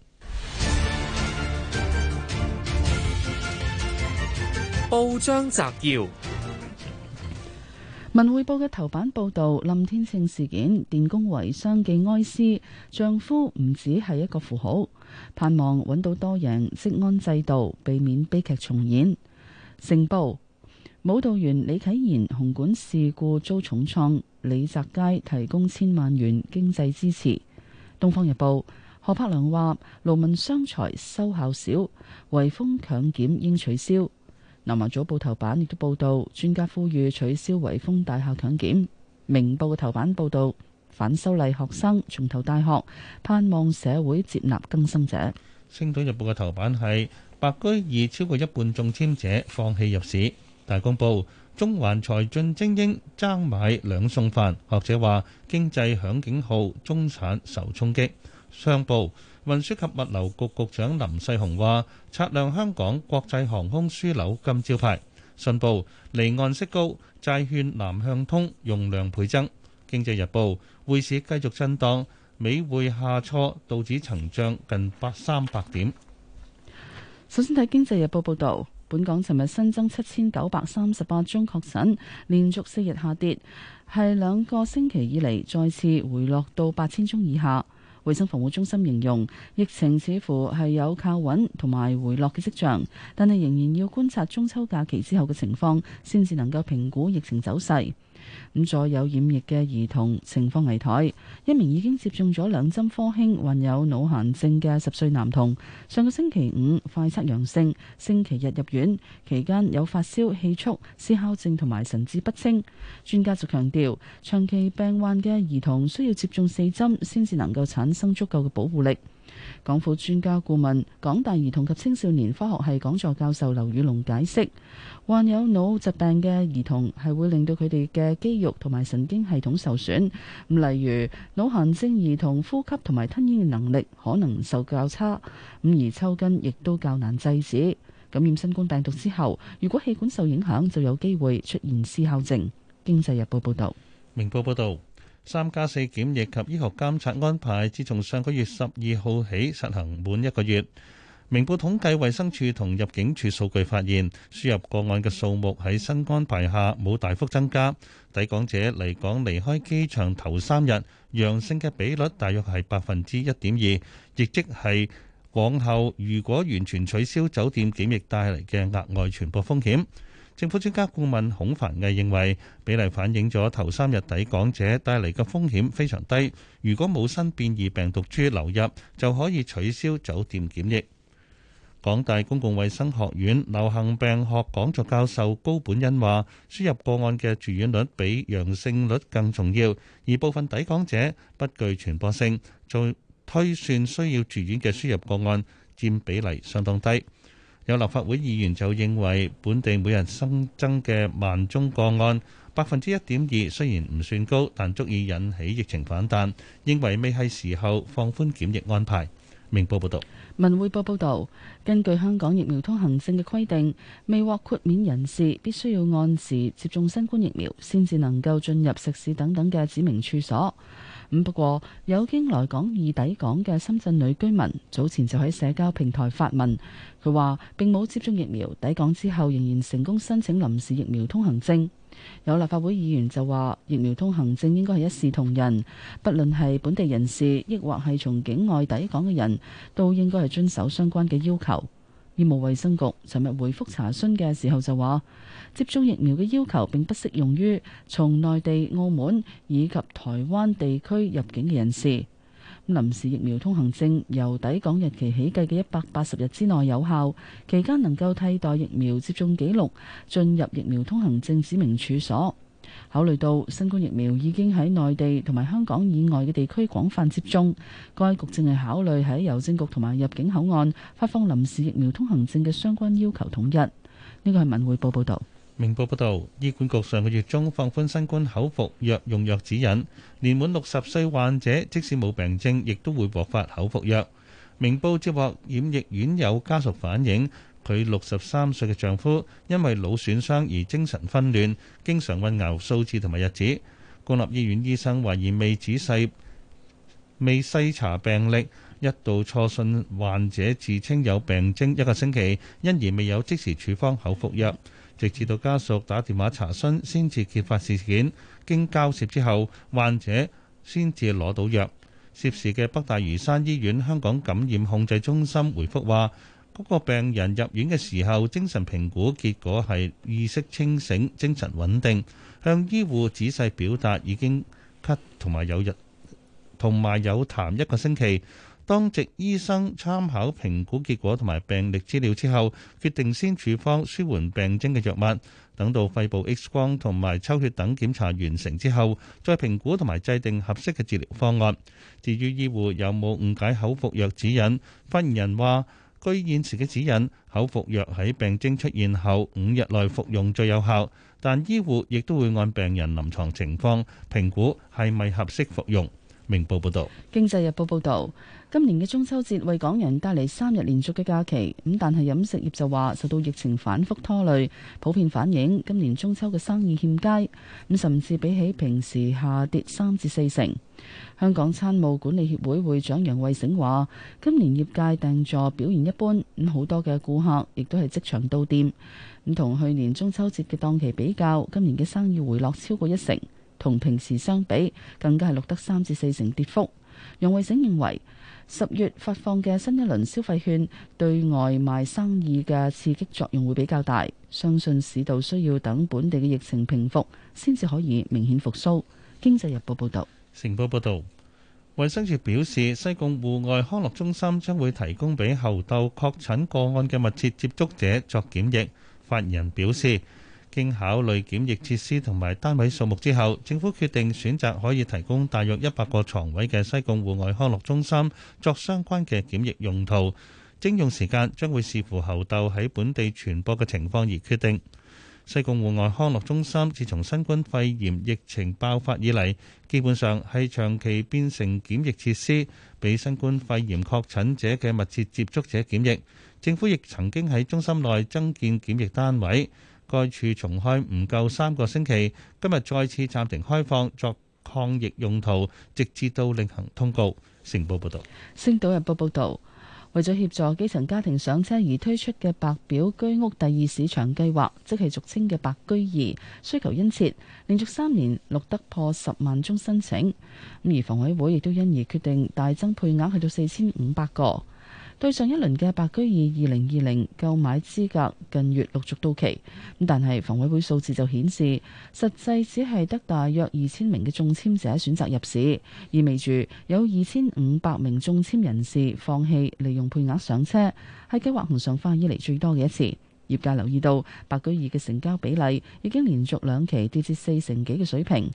報章摘要：《文匯報》嘅頭版報道，林天勝事件，電工遺孀寄哀思，丈夫唔止係一個符號，盼望搵到多贏職安制度，避免悲劇重演。《成報》舞蹈員李啟言紅館事故遭重創，李澤佳提供千萬元經濟支持。《東方日報》何柏良話：勞民傷財，收效少，圍封強檢應取消。南華早報頭版亦都報道，專家呼籲取消維峰大廈強檢。明報嘅頭版報道，反修例學生重投大學，盼望社會接納更生者。星島日報嘅頭版係白居二超過一半中簽者放棄入市。大公報，中環財進精英爭買兩餸飯，學者話經濟響警號，中產受衝擊。商報。運輸及物流局局長林世雄話：擦亮香港國際航空樞紐金招牌。信報離岸息高，債券南向通容量倍增。經濟日報匯市繼續震盪，美匯下挫，道指曾漲近八三百點。首先睇經濟日報報道，本港尋日新增七千九百三十八宗確診，連續四日下跌，係兩個星期以嚟再次回落到八千宗以下。衛生防護中心形容，疫情似乎係有靠穩同埋回落嘅跡象，但係仍然要觀察中秋假期之後嘅情況，先至能夠評估疫情走勢。咁再有染疫嘅兒童情況危殆，一名已經接種咗兩針科興、患有腦癇症嘅十歲男童，上個星期五快測陽性，星期日入院，期間有發燒、氣促、思考症同埋神志不清。專家就強調，長期病患嘅兒童需要接種四針，先至能夠產生足夠嘅保護力。港府專家顧問、港大兒童及青少年科學系講座教授劉宇龍解釋，患有腦疾病嘅兒童係會令到佢哋嘅肌肉同埋神經系統受損。例如腦癱性兒童，呼吸同埋吞咽嘅能力可能受較差，咁而抽筋亦都較難制止。感染新冠病毒之後，如果氣管受影響，就有機會出現思考症。經濟日報報道。明報報導。三加四檢疫及醫學監察安排，自從上個月十二號起實行滿一個月。明報統計衛生署同入境處數據發現輸入個案嘅數目喺新安排下冇大幅增加。抵港者嚟，港離開機場頭三日陽性嘅比率大約係百分之一點二，亦即係往後如果完全取消酒店檢疫帶嚟嘅額外傳播風險。政府專家顧問孔繁毅認為，比例反映咗頭三日抵港者帶嚟嘅風險非常低。如果冇新變異病毒株流入，就可以取消酒店檢疫。港大公共衛生學院流行病學講座教授高本恩話：輸入個案嘅住院率比陽性率更重要，而部分抵港者不具傳播性，再推算需要住院嘅輸入個案，佔比例相當低。有立法會議員就認為，本地每日新增嘅萬宗個案百分之一點二，雖然唔算高，但足以引起疫情反彈，認為未係時候放寬檢疫安排。明報報道。文匯報報道，根據香港疫苗通行證嘅規定，未獲豁免人士必須要按時接種新冠疫苗，先至能夠進入食肆等等嘅指明處所。咁不過，有經來港易抵港嘅深圳女居民早前就喺社交平台發文，佢話並冇接種疫苗，抵港之後仍然成功申請臨時疫苗通行證。有立法會議員就話，疫苗通行證應該係一視同仁，不論係本地人士，抑或係從境外抵港嘅人都應該係遵守相關嘅要求。醫務衛生局尋日回覆查詢嘅時候就話。接種疫苗嘅要求並不適用於從內地、澳門以及台灣地區入境嘅人士。臨時疫苗通行證由抵港日期起計嘅一百八十日之內有效，期間能夠替代疫苗接種記錄進入疫苗通行證指明處所。考慮到新冠疫苗已經喺內地同埋香港以外嘅地區廣泛接種，該局正係考慮喺郵政局同埋入境口岸發放臨時疫苗通行證嘅相關要求統一。呢個係文匯報報導。明報報道，醫管局上個月中放寬新冠口服藥用藥指引，年滿六十歲患者即使冇病徵，亦都會獲發口服藥。明報接獲染疫院友家屬反映，佢六十三歲嘅丈夫因為腦損傷而精神混亂，經常混淆數字同埋日子。公立醫院醫生懷疑未仔細未細查病歷，一度錯信患者自稱有病徵一個星期，因而未有即時處方口服藥。直至到家屬打電話查詢，先至揭發事件。經交涉之後，患者先至攞到藥。涉事嘅北大嶼山醫院香港感染控制中心回覆話：嗰、那個病人入院嘅時候，精神評估結果係意識清醒、精神穩定，向醫護仔細表達已經咳同埋有日同埋有痰一個星期。當值醫生參考評估結果同埋病歷資料之後，決定先處方舒緩病徵嘅藥物。等到肺部 X 光同埋抽血等檢查完成之後，再評估同埋制定合適嘅治療方案。至於醫護有冇誤解口服藥指引，發言人話：據現時嘅指引，口服藥喺病徵出現後五日內服用最有效，但醫護亦都會按病人臨床情況評估係咪合適服用。明報報道。《經濟日報》報導。今年嘅中秋節，為港人帶嚟三日連續嘅假期，咁但係飲食業就話受到疫情反覆拖累，普遍反映今年中秋嘅生意欠佳，咁甚至比起平時下跌三至四成。香港餐務管理協會會長楊慧醒話，今年業界訂座表現一般，咁好多嘅顧客亦都係即場到店。咁同去年中秋節嘅檔期比較，今年嘅生意回落超過一成，同平時相比更加係錄得三至四成跌幅。楊慧醒認為。十月發放嘅新一輪消費券對外賣生意嘅刺激作用會比較大，相信市道需要等本地嘅疫情平復，先至可以明顯復甦。經濟日報報道：「成報報道，衛生署表示，西貢戶外康樂中心將會提供俾後斗確診個案嘅密切接觸者作檢疫。發言人表示。經考慮檢疫設施同埋單位數目之後，政府決定選擇可以提供大約一百個床位嘅西貢戶外康樂中心作相關嘅檢疫用途。徵用時間將會視乎猴痘喺本地傳播嘅情況而決定。西貢戶外康樂中心自從新冠肺炎疫情爆發以嚟，基本上係長期變成檢疫設施，俾新冠肺炎確診者嘅密切接觸者檢疫。政府亦曾經喺中心內增建檢疫單位。該處重開唔夠三個星期，今日再次暫停開放作抗疫用途，直至到另行通告。成報報道。星島日報報道，為咗協助基層家庭上車而推出嘅白表居屋第二市場計劃，即係俗稱嘅白居二，需求殷切，連續三年錄得破十萬宗申請。咁而房委會亦都因而決定大增配額，去到四千五百個。對上一輪嘅白居二二零二零購買資格近月陸續到期，咁但係房委會數字就顯示，實際只係得大約二千名嘅中簽者選擇入市，意味住有二千五百名中簽人士放棄利用配額上車，係計劃行上翻以嚟最多嘅一次。業界留意到，白居二嘅成交比例已經連續兩期跌至四成幾嘅水平。咁、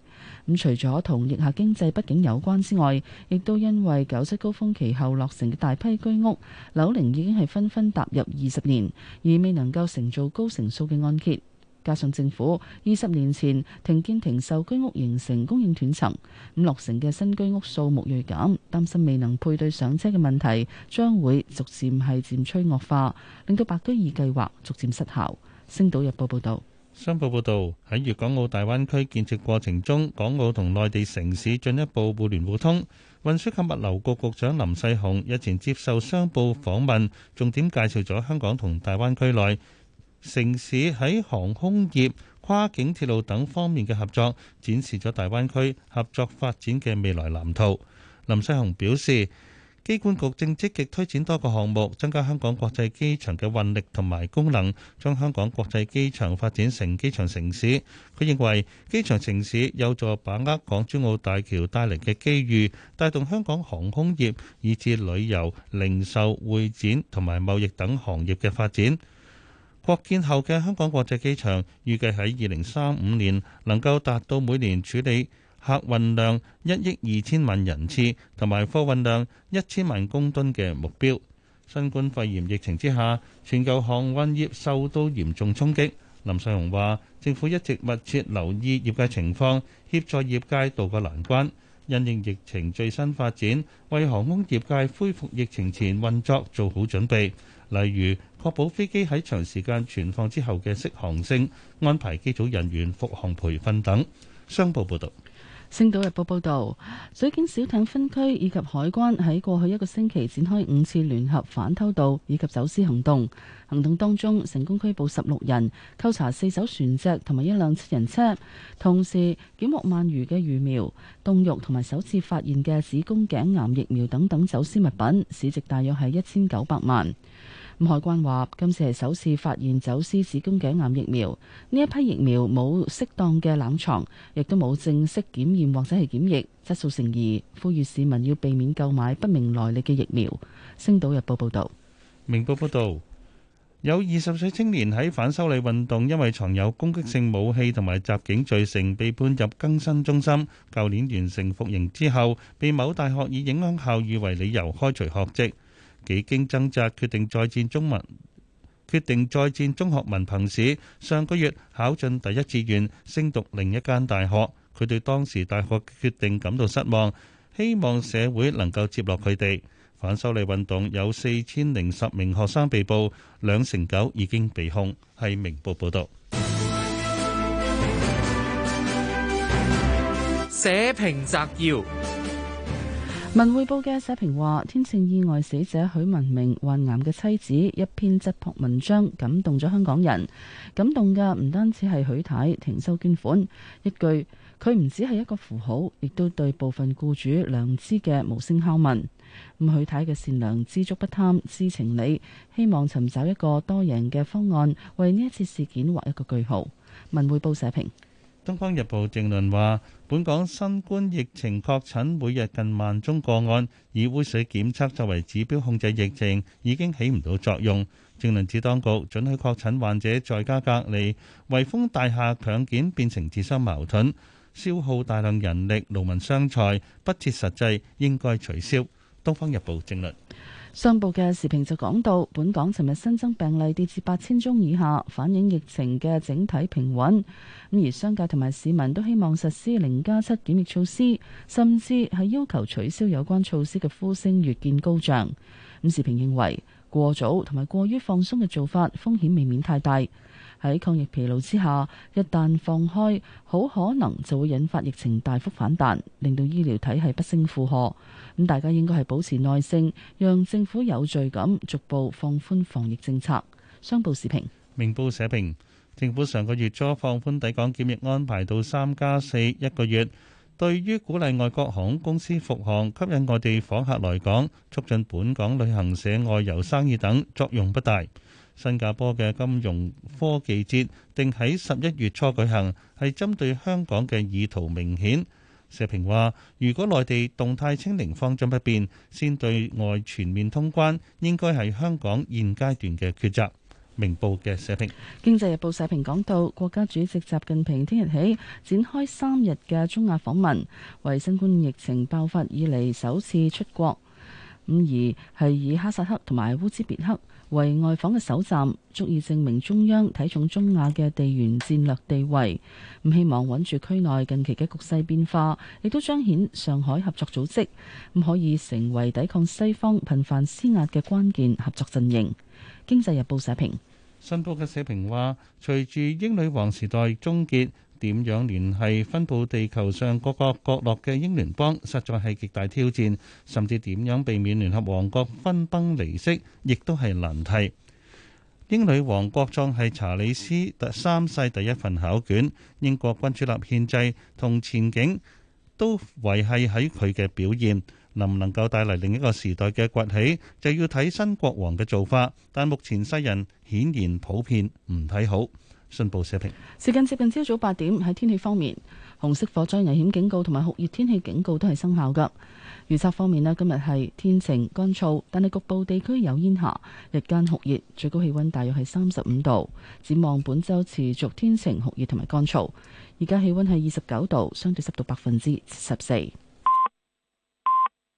嗯、除咗同疫下經濟不景有關之外，亦都因為九七高峰期後落成嘅大批居屋，樓齡已經係紛紛踏入二十年，而未能夠承造高成數嘅按揭。加上政府二十年前停建停售居屋，形成供應斷層，咁落成嘅新居屋數目鋭減，擔心未能配對上車嘅問題將會逐漸係漸趨惡化，令到白居二計劃逐漸失效。星島日報報導，商報報導，喺粵港澳大灣區建設過程中，港澳同內地城市進一步互聯互通。運輸及物流局局長林世雄日前接受商報訪問，重點介紹咗香港同大灣區內城市喺航空業、跨境鐵路等方面嘅合作，展示咗大灣區合作發展嘅未來藍圖。林世雄表示，機管局正積極推展多個項目，增加香港國際機場嘅運力同埋功能，將香港國際機場發展成機場城市。佢認為機場城市有助把握港珠澳大橋帶嚟嘅機遇，帶動香港航空業以至旅遊、零售、會展同埋貿易等行業嘅發展。擴建後嘅香港國際機場預計喺二零三五年能夠達到每年處理客運量一億二千萬人次，同埋貨運量一千萬公噸嘅目標。新冠肺炎疫情之下，全球航運業受到嚴重衝擊。林世雄話：政府一直密切留意業界情況，協助業界渡過難關。因應疫情最新發展，為航空業界恢復疫情前運作做好準備，例如。確保飛機喺長時間存放之後嘅適航性，安排機組人員復航培訓等。商報報導。星島日報報道，水警小艇分區以及海關喺過去一個星期展開五次聯合反偷渡以及走私行動，行動當中成功拘捕十六人，扣查四艘船隻同埋一輛七人車，同時檢獲鰻魚嘅魚苗、凍肉同埋首次發現嘅子宮頸癌疫苗等等走私物品，市值大約係一千九百萬。海關話今次係首次發現走私子宮頸癌疫苗，呢一批疫苗冇適當嘅冷藏，亦都冇正式檢驗或者係檢疫，質素成疑，呼籲市民要避免購買不明來歷嘅疫苗。星島日報報道。明報報道，有二十歲青年喺反修例運動因為藏有攻擊性武器同埋襲警罪成，被判入更生中心。舊年完成服刑之後，被某大學以影響校譽為理由開除學籍。幾經掙扎，決定再戰中文，決定再戰中學文憑試。上個月考進第一志願，升讀另一間大學。佢對當時大學決定感到失望，希望社會能夠接落佢哋。反修例運動有四千零十名學生被捕，兩成九已經被控。係明報報道。社評摘要。文匯報嘅社評話：天性意外死者許文明患癌嘅妻子一篇質朴文章感動咗香港人，感動嘅唔單止係許太停收捐款，一句佢唔止係一個符號，亦都對部分雇主良知嘅無聲拷問。咁、嗯、許太嘅善良、知足不貪、知情理，希望尋找一個多贏嘅方案，為呢一次事件畫一個句號。文匯報社評。《東方日報》正論話：本港新冠疫情確診每日近萬宗個案，以污水檢測作為指標控制疫情已經起唔到作用。正論指當局准許確診患者在家隔離，維豐大廈強檢變成自相矛盾，消耗大量人力勞民傷財，不切實際，應該取消。《東方日報》正論。商報嘅時評就講到，本港尋日新增病例跌至八千宗以下，反映疫情嘅整體平穩。咁而商界同埋市民都希望實施零加七檢疫措施，甚至係要求取消有關措施嘅呼聲越見高漲。咁時評認為，過早同埋過於放鬆嘅做法，風險未免太大。喺抗疫疲勞之下，一旦放開，好可能就會引發疫情大幅反彈，令到醫療體系不勝負荷。咁大家應該係保持耐性，讓政府有序咁逐步放寬防疫政策。商報時評。明報社評，政府上個月初放寬抵港檢疫安排到三加四一個月，對於鼓勵外國航空公司復航、吸引外地訪客來港、促進本港旅行社外遊生意等作用不大。新加坡嘅金融科技節定喺十一月初舉行，係針對香港嘅意圖明顯。社評話：如果內地動態清零方針不變，先對外全面通關，應該係香港現階段嘅抉擇。明報嘅社評，《經濟日報》社評講到，國家主席習近平聽日起展開三日嘅中亞訪問，為新冠疫情爆發以嚟首次出國。咁而係以哈薩克同埋烏茲別克，為外訪嘅首站，足以證明中央睇重中亞嘅地緣戰略地位。咁希望穩住區內近期嘅局勢變化，亦都彰顯上海合作組織咁可以成為抵抗西方頻繁施壓嘅關鍵合作陣營。經濟日報社評，新報嘅社評話，隨住英女王時代終結。點樣聯繫分佈地球上各個角落嘅英聯邦，實在係極大挑戰，甚至點樣避免聯合王國分崩離析，亦都係難題。英女王國葬係查理斯第三世第一份考卷，英國君主立憲制同前景都維繫喺佢嘅表現，能唔能夠帶嚟另一個時代嘅崛起，就要睇新國王嘅做法。但目前世人顯然普遍唔睇好。信報社評。時間接近朝早八點。喺天氣方面，紅色火災危險警告同埋酷熱天氣警告都係生效嘅。預測方面咧，今日係天晴乾燥，但係局部地區有煙霞，日間酷熱，最高氣温大約係三十五度。展望本週持續天晴酷熱同埋乾燥。而家氣温係二十九度，相對濕度百分之十四。